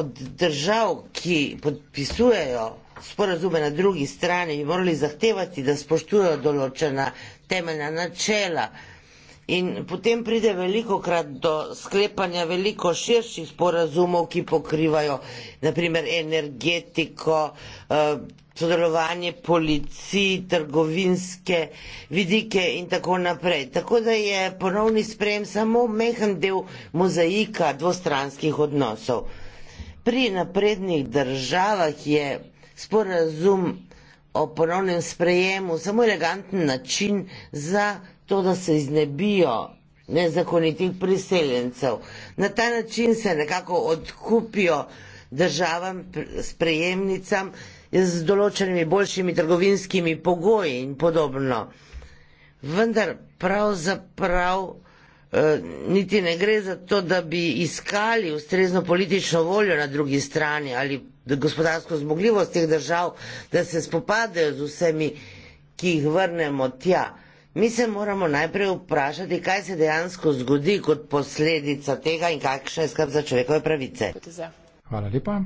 Od držav, ki podpisujejo sporazume na drugi strani, bi morali zahtevati, da spoštujejo določena temeljna načela, In potem pride veliko krat do sklepanja veliko širših sporazumov, ki pokrivajo naprimer energetiko, eh, sodelovanje policij, trgovinske vidike in tako naprej. Tako da je ponovni sprejem samo mehen del mozaika dvostranskih odnosov. Pri naprednih državah je sporazum o ponovnem sprejemu samo eleganten način za to, da se iznebijo nezakonitih priseljencev. Na ta način se nekako odkupijo državam, sprejemnicam z določenimi boljšimi trgovinskimi pogoji in podobno. Vendar pravzaprav eh, niti ne gre za to, da bi iskali ustrezno politično voljo na drugi strani ali gospodarsko zmogljivost teh držav, da se spopadajo z vsemi, ki jih vrnemo tja. Mi se moramo najprej vprašati, kaj se dejansko zgodi kot posledica tega in kakšna je skrb za človekove pravice. Hvala lepa.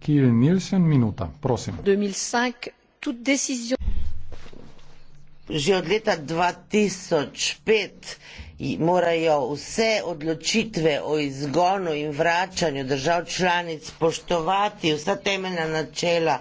Kiel Nielsen, minuta, prosim. 2005, tudi decizijo. Že od leta 2005 morajo vse odločitve o izgonu in vračanju držav članic spoštovati vsa temeljna načela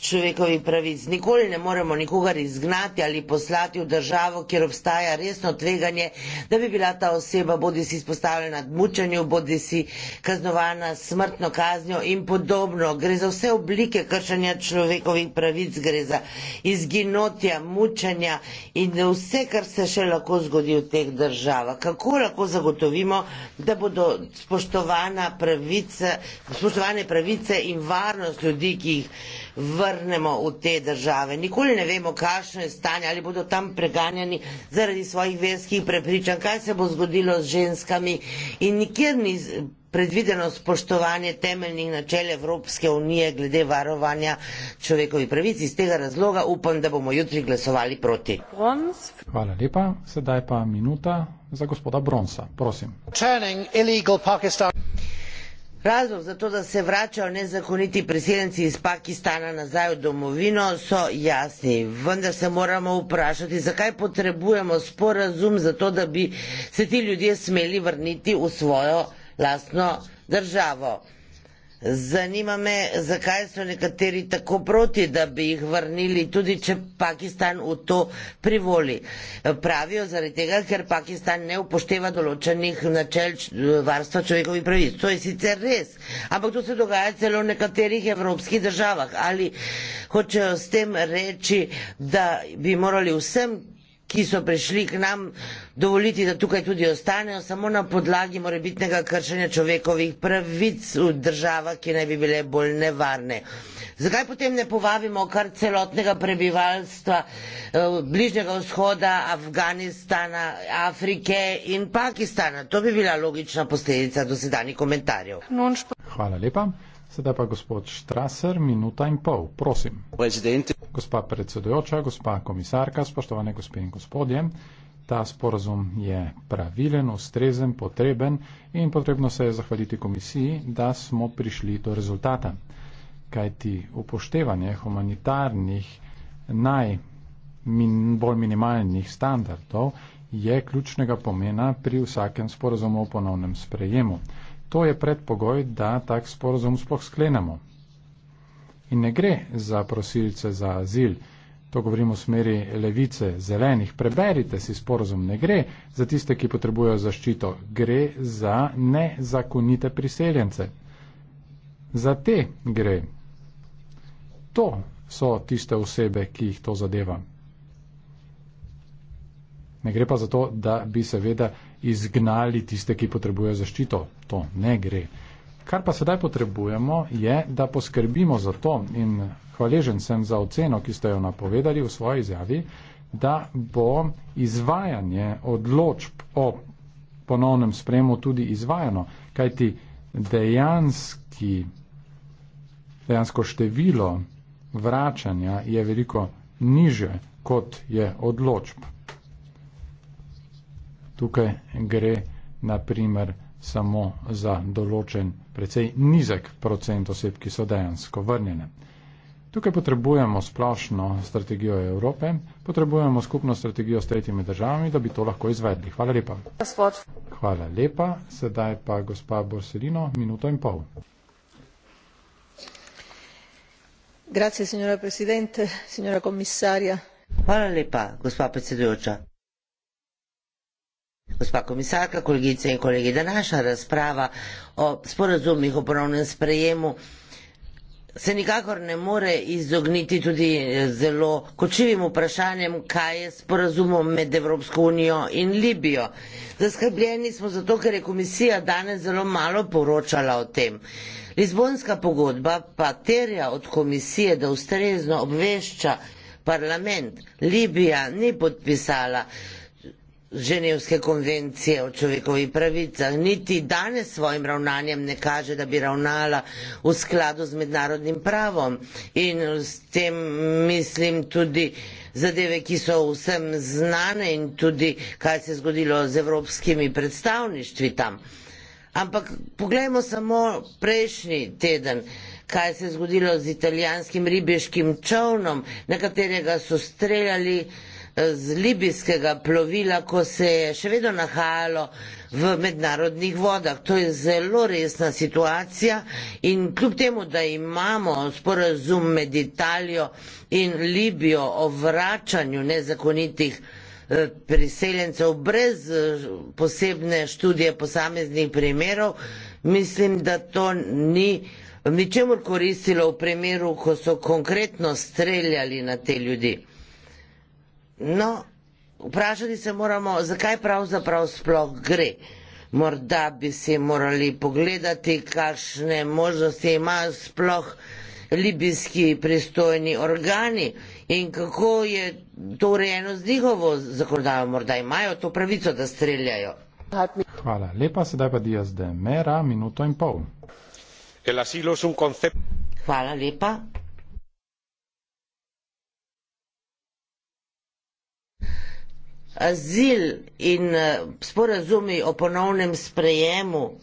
človekovih pravic. Nikoli ne moremo nikogar izgnati ali poslati v državo, kjer obstaja resno tveganje, da bi bila ta oseba bodi si izpostavljena mučenju, bodi si kaznovana smrtno kaznjo in podobno. Gre za vse oblike kršanja človekovih pravic, gre za izginotja, mučenja in vse, kar se še lahko zgodi v teh državah država, kako lahko zagotovimo, da bodo spoštovana pravice, spoštovane pravice in varnost ljudi, ki jih vrnemo v te države. Nikoli ne vemo, kakšno je stanje, ali bodo tam preganjani zaradi svojih verskih prepričanj, kaj se bo zgodilo z ženskami in nikjer ni predvideno spoštovanje temeljnih načel Evropske unije glede varovanja človekovih pravic. Iz tega razloga upam, da bomo jutri glasovali proti. Bronze. Hvala lepa. Sedaj pa minuta za gospoda Bronsa. Prosim. Razlog za to, da se vračajo nezakoniti priseljenci iz Pakistana nazaj v domovino, so jasni. Vendar se moramo vprašati, zakaj potrebujemo sporazum za to, da bi se ti ljudje smeli vrniti v svojo lastno državo. Zanima me, zakaj so nekateri tako proti, da bi jih vrnili, tudi če Pakistan v to privoli. Pravijo zaradi tega, ker Pakistan ne upošteva določenih načel varstva človekovih pravic. To je sicer res, ampak to se dogaja celo v nekaterih evropskih državah. Ali hočejo s tem reči, da bi morali vsem ki so prišli k nam, dovoliti, da tukaj tudi ostanejo, samo na podlagi morebitnega kršenja človekovih pravic v državah, ki naj bi bile bolj nevarne. Zakaj potem ne povabimo kar celotnega prebivalstva eh, Bližnjega vzhoda, Afganistana, Afrike in Pakistana? To bi bila logična posledica dosedanjih komentarjev. Hvala lepa. Sedaj pa gospod Štraser, minuta in pol, prosim. President. Gospa predsedujoča, gospa komisarka, spoštovane gospe in gospodje, ta sporazum je pravilen, ustrezen, potreben in potrebno se je zahvaliti komisiji, da smo prišli do rezultata. Kajti upoštevanje humanitarnih najbolj min, minimalnih standardov je ključnega pomena pri vsakem sporazumu o ponovnem sprejemu. To je predpogoj, da tak sporozum sploh sklenemo. In ne gre za prosilce za azil, to govorimo v smeri levice, zelenih. Preberite si sporozum, ne gre za tiste, ki potrebujejo zaščito, gre za nezakonite priseljence. Za te gre. To so tiste osebe, ki jih to zadeva. Ne gre pa za to, da bi seveda izgnali tiste, ki potrebujejo zaščito. To ne gre. Kar pa sedaj potrebujemo, je, da poskrbimo za to in hvaležen sem za oceno, ki ste jo napovedali v svoji izjavi, da bo izvajanje odločb o ponovnem spremu tudi izvajano, kajti dejanski, dejansko število vračanja je veliko niže, kot je odločb tukaj gre naprimer samo za določen precej nizek procent oseb, ki so dejansko vrnjene. Tukaj potrebujemo splošno strategijo Evrope, potrebujemo skupno strategijo s tretjimi državami, da bi to lahko izvedli. Hvala lepa. Hvala lepa. Sedaj pa gospa Borsellino, minuto in pol. Grazie, signora Presidente, signora Komisarja. Hvala lepa, gospa predsedujoča. Gospa komisarka, kolegice in kolegi, današnja razprava o sporazumih o ponovnem sprejemu se nikakor ne more izogniti tudi eh, zelo kočivim vprašanjem, kaj je sporazumom med Evropsko unijo in Libijo. Zaskrbljeni smo zato, ker je komisija danes zelo malo poročala o tem. Lizbonska pogodba pa terja od komisije, da ustrezno obvešča parlament. Libija ni podpisala ženevske konvencije o človekovih pravicah. Niti danes svojim ravnanjem ne kaže, da bi ravnala v skladu z mednarodnim pravom. In s tem mislim tudi zadeve, ki so vsem znane in tudi kaj se je zgodilo z evropskimi predstavništvi tam. Ampak pogledajmo samo prejšnji teden, kaj se je zgodilo z italijanskim ribiškim čovnom, na katerega so streljali z libijskega plovila, ko se je še vedno nahajalo v mednarodnih vodah. To je zelo resna situacija in kljub temu, da imamo sporazum med Italijo in Libijo o vračanju nezakonitih eh, priseljencev brez eh, posebne študije posameznih primerov, mislim, da to ni ničemur koristilo v primeru, ko so konkretno streljali na te ljudi. No, vprašali se moramo, zakaj pravzaprav sploh gre. Morda bi si morali pogledati, kakšne možnosti imajo sploh libijski pristojni organi in kako je to urejeno z njihovo zakonodajo. Morda imajo to pravico, da streljajo. Hvala. Lepa sedaj pa Diaz de Mera, minuto in pol. Hvala lepa. Azil in eh, sporazumi o ponovnem sprejemu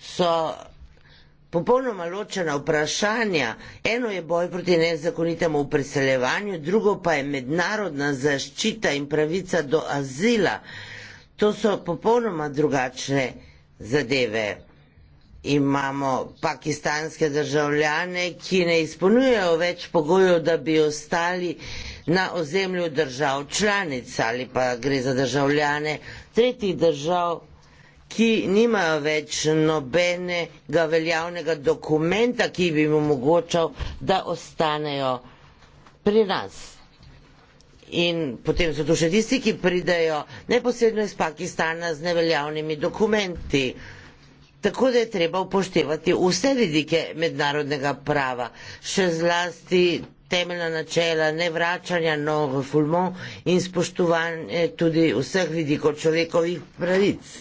so popolnoma ločena vprašanja. Eno je boj proti nezakonitemu preseljevanju, drugo pa je mednarodna zaščita in pravica do azila. To so popolnoma drugačne zadeve. Imamo pakistanske državljane, ki ne izpolnjujejo več pogojev, da bi ostali na ozemlju držav članic ali pa gre za državljane tretjih držav, ki nimajo več nobenega veljavnega dokumenta, ki bi jim omogočal, da ostanejo pri nas. In potem so tu še tisti, ki pridejo neposredno iz Pakistana z neveljavnimi dokumenti. Tako da je treba upoštevati vse vidike mednarodnega prava, še zlasti temeljna načela nevračanja novega fulmo in spoštovanje tudi vseh vidikov človekovih pravic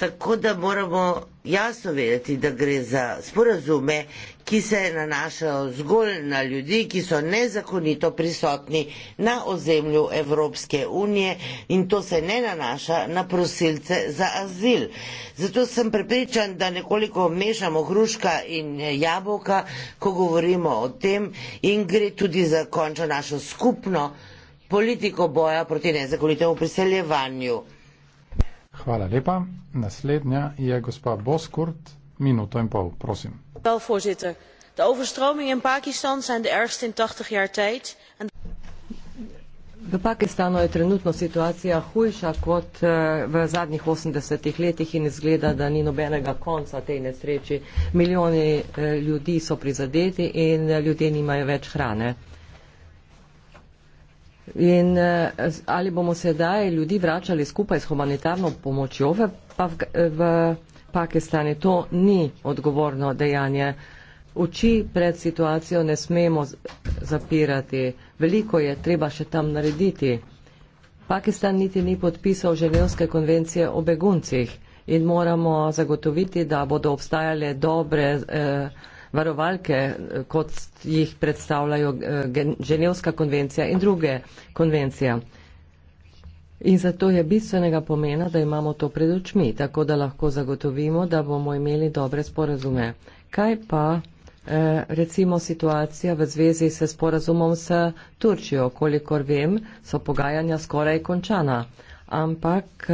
tako da moramo jasno vedeti, da gre za sporazume, ki se nanašajo zgolj na ljudi, ki so nezakonito prisotni na ozemlju Evropske unije in to se ne nanaša na prosilce za azil. Zato sem prepričan, da nekoliko mešamo hruška in jabolka, ko govorimo o tem in gre tudi za končo našo skupno politiko boja proti nezakonitemu priseljevanju. Hvala lepa. Naslednja je gospa Boskurt, minuto in pol, prosim. V Pakistanu je trenutno situacija hujša kot eh, v zadnjih 80 letih in izgleda, da ni nobenega konca tej nesreči. Milijoni eh, ljudi so prizadeti in eh, ljudje nimajo več hrane. In eh, ali bomo sedaj ljudi vračali skupaj s humanitarno pomočjo v, v, v Pakistanu, to ni odgovorno dejanje. Oči pred situacijo ne smemo zapirati. Veliko je treba še tam narediti. Pakistan niti ni podpisal Ženevske konvencije o beguncih in moramo zagotoviti, da bodo obstajale dobre. Eh, varovalke, eh, kot jih predstavljajo eh, Ženevska konvencija in druge konvencije. In zato je bistvenega pomena, da imamo to pred očmi, tako da lahko zagotovimo, da bomo imeli dobre sporazume. Kaj pa eh, recimo situacija v zvezi s sporazumom s Turčijo? Kolikor vem, so pogajanja skoraj končana. Ampak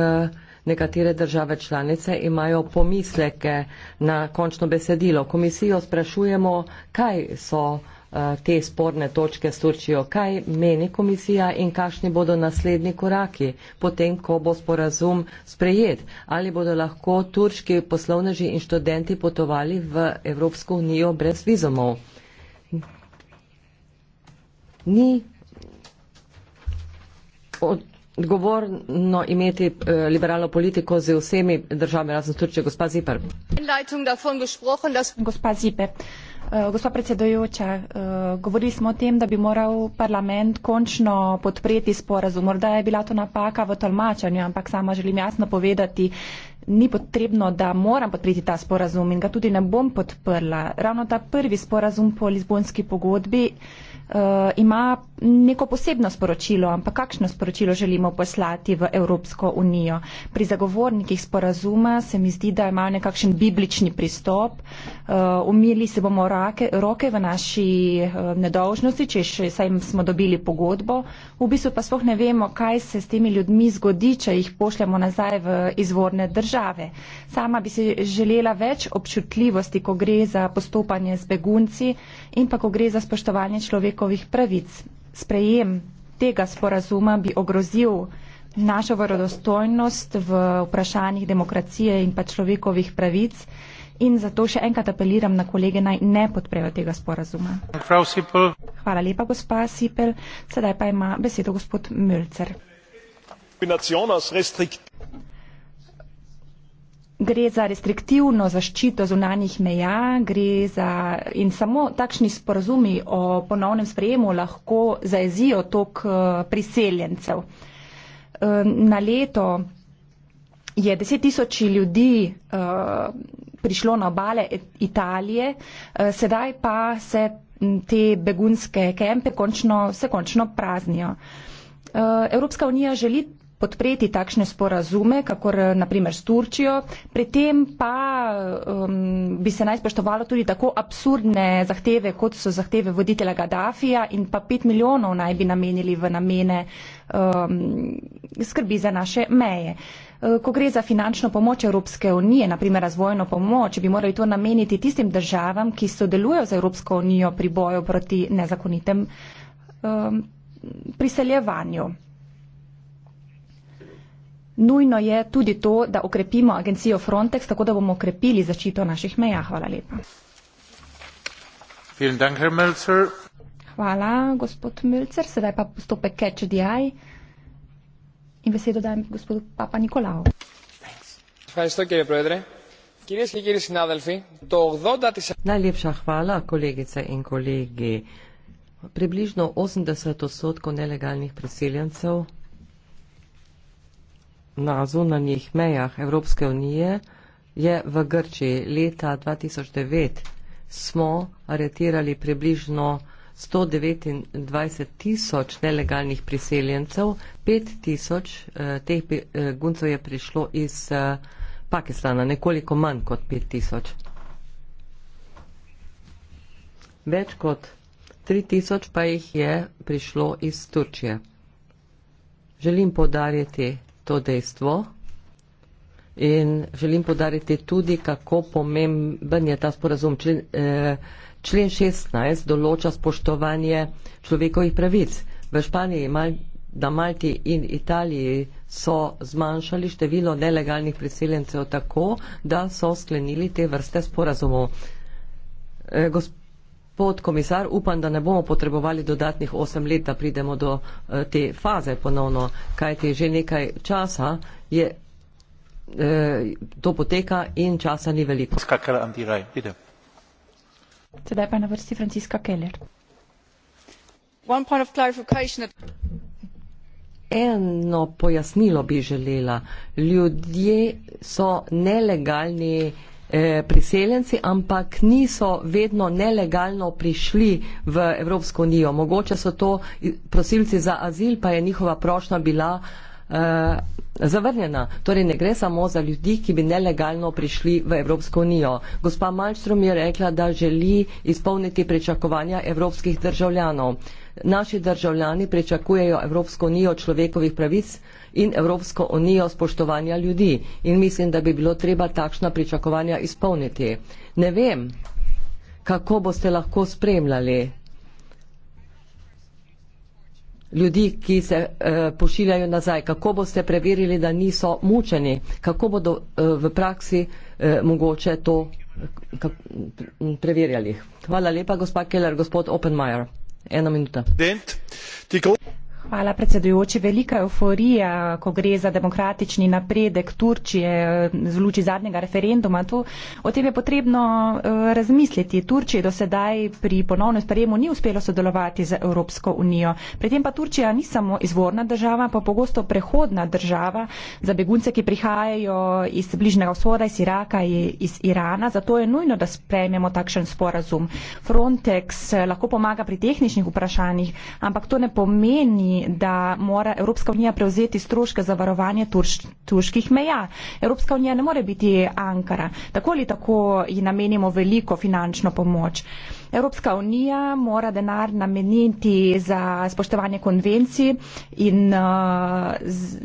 nekatere države članice imajo pomisleke na končno besedilo. Komisijo sprašujemo, kaj so eh, te sporne točke s Turčijo, kaj meni komisija in kakšni bodo naslednji koraki, potem, ko bo sporazum sprejet, ali bodo lahko turški poslovneži in študenti potovali v Evropsko unijo brez vizumov. Ni od odgovorno imeti eh, liberalno politiko z vsemi državami, razen s Turčijo, gospa Ziper. Gospa Ziper. Eh, gospa predsedujoča, eh, govorili smo o tem, da bi moral parlament končno podpreti sporazum. Morda je bila to napaka v tolmačanju, ampak sama želim jasno povedati, ni potrebno, da moram podpreti ta sporazum in ga tudi ne bom podprla. Ravno ta prvi sporazum po Lizbonski pogodbi uh, ima neko posebno sporočilo, ampak kakšno sporočilo želimo poslati v Evropsko unijo. Pri zagovornikih sporazuma se mi zdi, da imajo nekakšen biblični pristop. Uh, umili se bomo rake, roke v naši uh, nedolžnosti, če še, saj smo dobili pogodbo, v bistvu pa sploh ne vemo, kaj se s temi ljudmi zgodi, če jih pošljemo nazaj v izvorne države. Sama bi si želela več občutljivosti, ko gre za postopanje z begunci in pa ko gre za spoštovanje človekovih pravic. Sprejem tega sporazuma bi ogrozil našo verodostojnost v vprašanjih demokracije in pa človekovih pravic in zato še enkrat apeliram na kolege naj ne podprejo tega sporazuma. Hvala lepa, gospa Sipel. Sedaj pa ima besedo gospod Mölcer. Gre za restriktivno zaščito zunanjih meja za, in samo takšni sporazumi o ponovnem sprejemu lahko zaezijo tok eh, priseljencev. Eh, na leto je deset tisoč ljudi eh, prišlo na obale Italije, eh, sedaj pa se te begunske kempe končno, se končno praznijo. Eh, Evropska unija želi podpreti takšne sporazume, kakor eh, naprimer s Turčijo, pri tem pa um, bi se naj spoštovalo tudi tako absurdne zahteve, kot so zahteve voditelja Gaddafija in pa pet milijonov naj bi namenili v namene um, skrbi za naše meje. Eh, ko gre za finančno pomoč Evropske unije, naprimer razvojno pomoč, bi morali to nameniti tistim državam, ki sodelujo z Evropsko unijo pri boju proti nezakonitem um, priseljevanju. Nujno je tudi to, da okrepimo agencijo Frontex, tako da bomo okrepili zaščito naših meja. Hvala lepa. Dank, Herr Hvala, gospod Mülcer. Sedaj pa postopek Catch the Eye in besedo dajem gospodu Papa Nikolau. Najlepša hvala, kolegice in kolegi. Približno 80 odstotkov nelegalnih priseljencev na zunanjih mejah Evropske unije je v Grčiji leta 2009 smo aretirali približno 129 tisoč nelegalnih priseljencev, 5 tisoč eh, teh eh, guncev je prišlo iz eh, Pakistana, nekoliko manj kot 5 tisoč. Več kot 3 tisoč pa jih je prišlo iz Turčije. Želim podarjeti, to dejstvo in želim podariti tudi, kako pomemben je ta sporazum. Člen, eh, člen 16 določa spoštovanje človekovih pravic. V Španiji, mal, na Malti in Italiji so zmanjšali število nelegalnih priseljencev tako, da so sklenili te vrste sporazumov. Eh, gospod podkomisar, upam, da ne bomo potrebovali dodatnih 8 let, da pridemo do eh, te faze ponovno, kajti že nekaj časa je eh, to poteka in časa ni veliko. Sedaj pa je na vrsti Franciska Keller. Eno pojasnilo bi želela. Ljudje so nelegalni. Eh, priseljenci, ampak niso vedno nelegalno prišli v Evropsko unijo. Mogoče so to prosilci za azil, pa je njihova prošnja bila eh, zavrnjena. Torej ne gre samo za ljudi, ki bi nelegalno prišli v Evropsko unijo. Gospa Malmström je rekla, da želi izpolniti pričakovanja evropskih državljanov. Naši državljani pričakujejo Evropsko unijo človekovih pravic, in Evropsko unijo spoštovanja ljudi. In mislim, da bi bilo treba takšna pričakovanja izpolniti. Ne vem, kako boste lahko spremljali ljudi, ki se eh, pošiljajo nazaj, kako boste preverili, da niso mučeni, kako bodo eh, v praksi eh, mogoče to eh, kak, preverjali. Hvala lepa, gospod Keller, gospod Oppenmeier. Eno minuto. Hvala, predsedujoči. Velika euforija, ko gre za demokratični napredek Turčije z luči zadnjega referenduma. Tu, o tem je potrebno eh, razmisliti. Turčiji do sedaj pri ponovnem sprejemu ni uspelo sodelovati z Evropsko unijo. Pri tem pa Turčija ni samo izvorna država, pa pogosto prehodna država za begunce, ki prihajajo iz bližnjega vzhoda, iz Iraka, iz Irana. Zato je nujno, da sprejmemo takšen sporazum. Frontex eh, lahko pomaga pri tehničnih vprašanjih, ampak to ne pomeni, da mora Evropska unija prevzeti stroške za varovanje turš, turških meja. Evropska unija ne more biti Ankara. Tako ali tako ji namenimo veliko finančno pomoč. Evropska unija mora denar nameniti za spoštovanje konvencij in uh, z,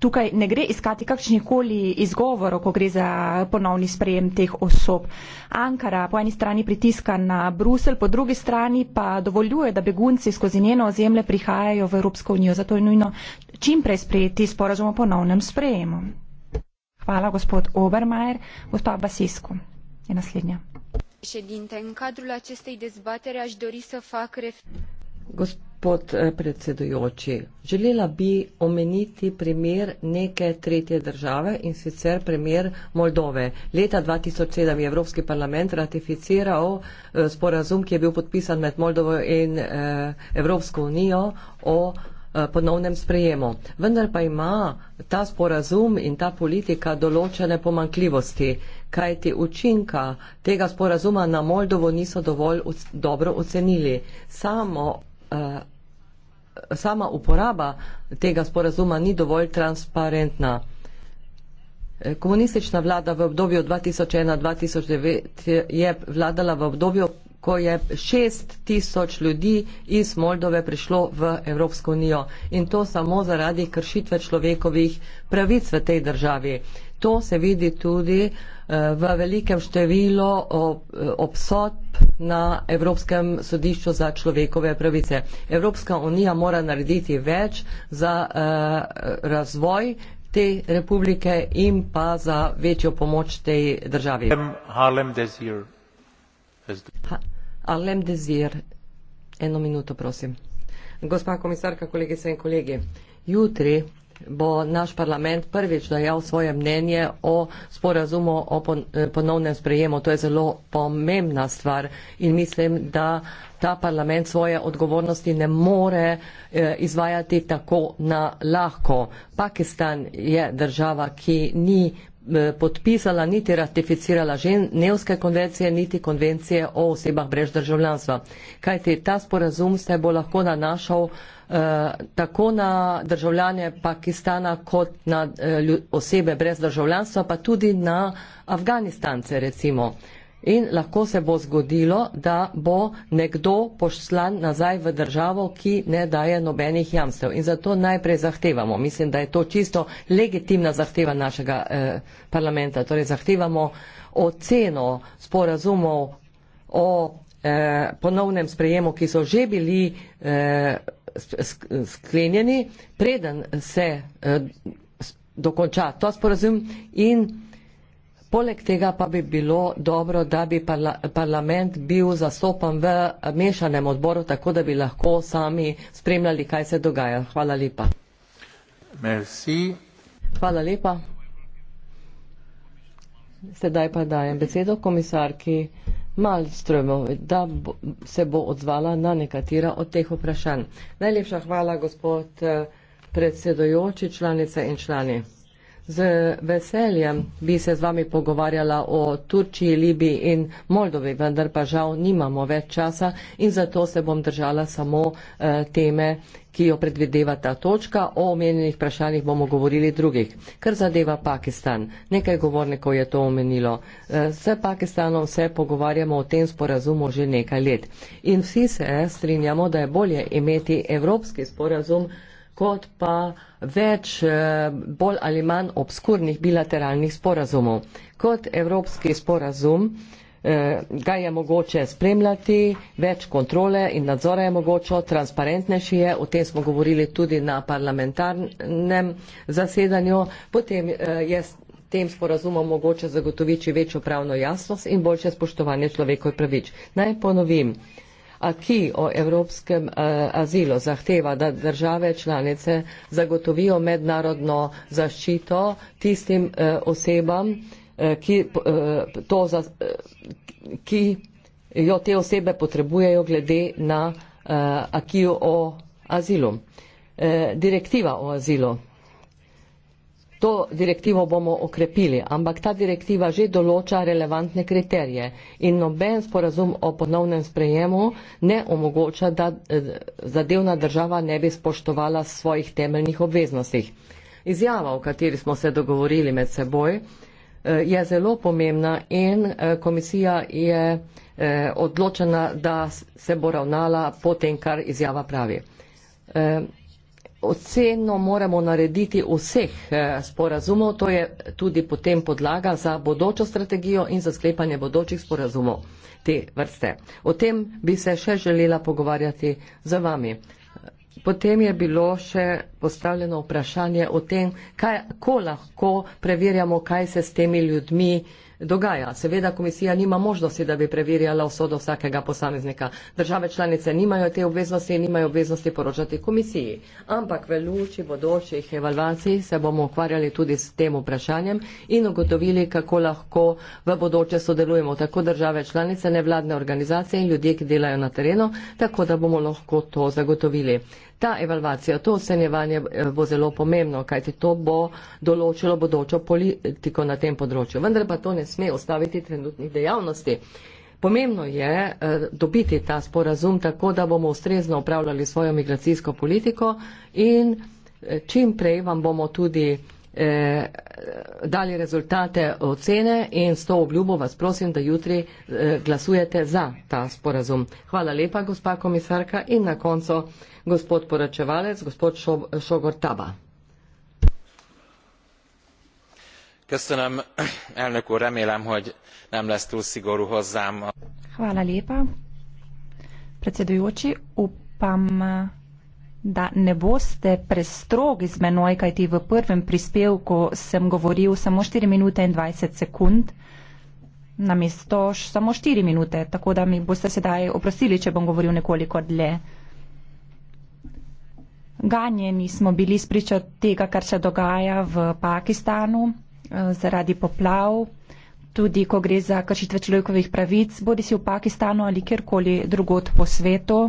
tukaj ne gre iskati kakšnih koli izgovorov, ko gre za ponovni sprejem teh osob. Ankara po eni strani pritiska na Brusel, po drugi strani pa dovoljuje, da begunci skozi njeno ozemlje prihajajo v Evropsko unijo. Zato je nujno čimprej sprejeti sporazum o ponovnem sprejemu. Hvala, gospod Obermajer. Gospa Basisko je naslednja. Gospod gospod eh, predsedujoči. Želela bi omeniti primer neke tretje države in sicer primer Moldove. Leta 2007 je Evropski parlament ratificiral eh, sporazum, ki je bil podpisan med Moldovo in eh, Evropsko unijo o ponovnem sprejemu. Vendar pa ima ta sporazum in ta politika določene pomankljivosti, kajti učinka tega sporazuma na Moldovo niso dovolj dobro ocenili. Samo sama uporaba tega sporazuma ni dovolj transparentna. E, komunistična vlada v obdobju 2001-2009 je vladala v obdobju ko je šest tisoč ljudi iz Moldove prišlo v Evropsko unijo in to samo zaradi kršitve človekovih pravic v tej državi. To se vidi tudi eh, v velikem številu obsodb na Evropskem sodišču za človekove pravice. Evropska unija mora narediti več za eh, razvoj te republike in pa za večjo pomoč tej državi. Alem Dezir, eno minuto, prosim. Gospa komisarka, kolegice in kolegi, jutri bo naš parlament prvič dajal svoje mnenje o sporazumu o eh, ponovnem sprejemu. To je zelo pomembna stvar in mislim, da ta parlament svoje odgovornosti ne more eh, izvajati tako na lahko. Pakistan je država, ki ni Eh, podpisala niti ratificirala že Nevske konvencije, niti konvencije o osebah brez državljanstva. Kajti ta sporazum se bo lahko nanašal eh, tako na državljanje Pakistana kot na eh, osebe brez državljanstva, pa tudi na Afganistance recimo in lahko se bo zgodilo, da bo nekdo poslan nazaj v državo, ki ne daje nobenih jamstev. In zato najprej zahtevamo, mislim, da je to čisto legitimna zahteva našega eh, parlamenta, torej zahtevamo oceno sporazumov o eh, ponovnem sprejemu, ki so že bili eh, sklenjeni, preden se eh, dokonča ta sporazum in Poleg tega pa bi bilo dobro, da bi parlament bil zastopan v mešanem odboru, tako da bi lahko sami spremljali, kaj se dogaja. Hvala lepa. Merci. Hvala lepa. Sedaj pa dajem besedo komisarki Malstrojmo, da bo, se bo odzvala na nekatera od teh vprašanj. Najlepša hvala, gospod predsedojoči, članice in člani. Z veseljem bi se z vami pogovarjala o Turčiji, Libiji in Moldovi, vendar pa žal nimamo več časa in zato se bom držala samo eh, teme, ki jo predvideva ta točka. O omenjenih vprašanjih bomo govorili drugih. Kar zadeva Pakistan, nekaj govornikov je to omenilo. Eh, s Pakistanom se pogovarjamo o tem sporazumu že nekaj let in vsi se strinjamo, da je bolje imeti evropski sporazum kot pa več eh, bolj ali manj obskurnih bilateralnih sporazumov. Kot evropski sporazum eh, ga je mogoče spremljati, več kontrole in nadzora je mogoče, transparentnejši je, o tem smo govorili tudi na parlamentarnem zasedanju, potem eh, je tem sporazumom mogoče zagotoviti večjo pravno jasnost in boljše spoštovanje človekov pravič. Naj ponovim, aki o evropskem uh, azilu zahteva, da države članice zagotovijo mednarodno zaščito tistim uh, osebam, uh, ki, uh, to, uh, ki jo te osebe potrebujejo glede na uh, akijo o azilu. Uh, direktiva o azilu. To direktivo bomo okrepili, ampak ta direktiva že določa relevantne kriterije in noben sporazum o ponovnem sprejemu ne omogoča, da eh, zadevna država ne bi spoštovala svojih temeljnih obveznosti. Izjava, o kateri smo se dogovorili med seboj, eh, je zelo pomembna in eh, komisija je odločena, da se bo ravnala po tem, kar izjava pravi oceno moramo narediti vseh eh, sporazumov, to je tudi potem podlaga za bodočo strategijo in za sklepanje bodočih sporazumov te vrste. O tem bi se še želela pogovarjati z vami. Potem je bilo še postavljeno vprašanje o tem, kako lahko preverjamo, kaj se s temi ljudmi uh, dogaja. Seveda komisija nima možnosti, da bi preverjala usodo vsakega posameznika. Države članice nimajo te obveznosti in nimajo obveznosti poročati komisiji. Ampak v luči bodočih evalvacij se bomo ukvarjali tudi s tem vprašanjem in ugotovili, kako lahko v bodoče sodelujemo tako države članice, nevladne organizacije in ljudje, ki delajo na terenu, tako da bomo lahko to zagotovili ta evalvacija, to ocenjevanje eh, bo zelo pomembno, kajti to bo določilo bodočo politiko na tem področju. Vendar pa to ne sme ostaviti trenutnih dejavnosti. Pomembno je eh, dobiti ta sporazum tako, da bomo ustrezno upravljali svojo migracijsko politiko in eh, čim prej vam bomo tudi eh, dali rezultate ocene in s to obljubo vas prosim, da jutri eh, glasujete za ta sporazum. Hvala lepa, gospa komisarka in na koncu gospod poračevalec, gospod Šob, Šogor Taba. Köszönöm, elnök úr, remélem, hogy nem lesz túl szigorú hozzám. Hvala lépa. Precedőjócsi, upam, da ne boste prestrogi z menoj, kajti v prvem prispevku sem govoril samo 4 minute in 20 sekund, namesto samo 4 minute, tako da mi boste sedaj oprosili, če bom govoril nekoliko dlje. Ganjeni smo bili spričo tega, kar se dogaja v Pakistanu eh, zaradi poplav, tudi ko gre za kršitve človekovih pravic, bodi si v Pakistanu ali kjerkoli drugot po svetu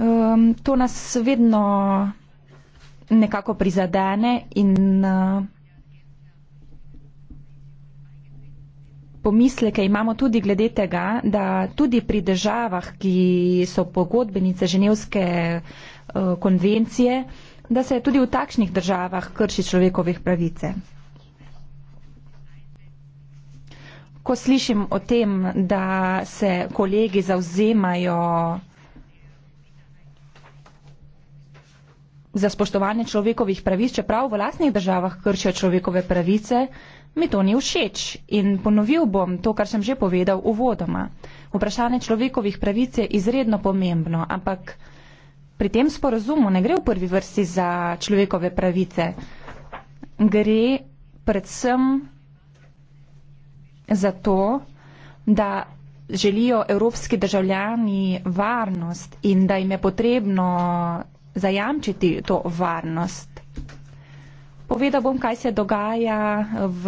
um, to nas vedno nekako prizadene in eh, pomisleke imamo tudi glede tega, da tudi pri državah, ki so pogodbenice Ženevske eh, konvencije, da se tudi v takšnih državah krši človekovih pravice. Ko slišim o tem, da se kolegi zauzemajo za spoštovanje človekovih pravic, čeprav v lasnih državah kršijo človekove pravice, mi to ni všeč. In ponovil bom to, kar sem že povedal uvodoma. Vprašanje človekovih pravic je izredno pomembno, ampak pri tem sporozumu ne gre v prvi vrsti za človekove pravice. Gre predvsem za to, da želijo evropski državljani varnost in da jim je potrebno zajamčiti to varnost. Povedal bom, kaj se dogaja v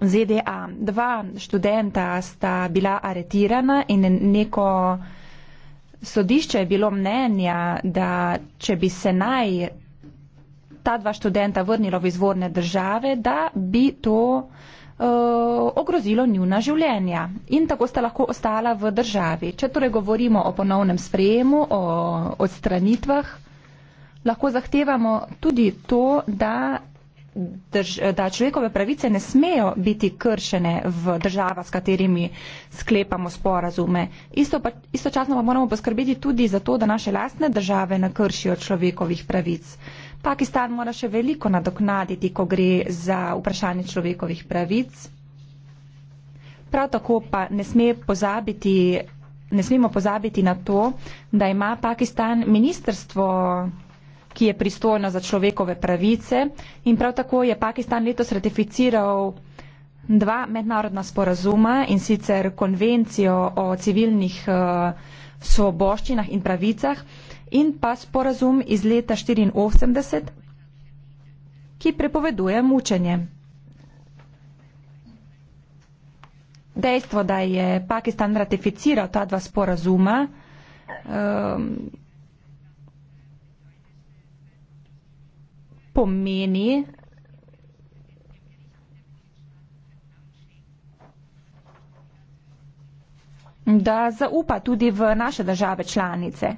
ZDA. Dva študenta sta bila aretirana in neko sodišče je bilo mnenja, da če bi se naj ta dva študenta vrnila v izvorne države, da bi to Eh, ogrozilo njuna življenja in tako sta lahko ostala v državi. Če torej govorimo o ponovnem sprejemu, o odstranitvah, lahko zahtevamo tudi to, da, drž, da človekove pravice ne smejo biti kršene v državah, s katerimi sklepamo sporazume. Isto pa, istočasno pa moramo poskrbeti tudi za to, da naše lastne države ne kršijo človekovih pravic. Uh, Pakistan mora še veliko nadoknaditi, ko gre za vprašanje človekovih pravic. Prav tako pa ne, sme pozabiti, ne smemo pozabiti na to, da ima Pakistan ministrstvo, ki je pristojno za človekove pravice in prav tako je Pakistan letos ratificiral dva mednarodna sporazuma in sicer konvencijo o civilnih uh, svoboščinah in pravicah in pa sporazum iz leta 84, ki prepoveduje mučenje. Dejstvo, da je Pakistan ratificiral ta dva sporazuma, um, pomeni, da zaupa tudi v naše države članice.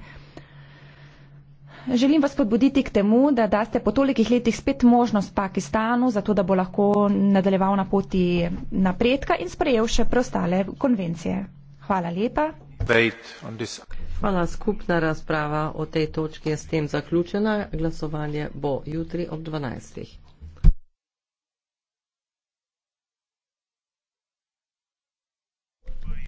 Želim vas podbuditi k temu, da daste po tolikih letih spet možnost Pakistanu, zato da bo lahko nadaljeval na poti napredka in sprejel še preostale konvencije. Hvala lepa. Hvala. Skupna razprava o tej točki je s tem zaključena. Glasovanje bo jutri ob 12.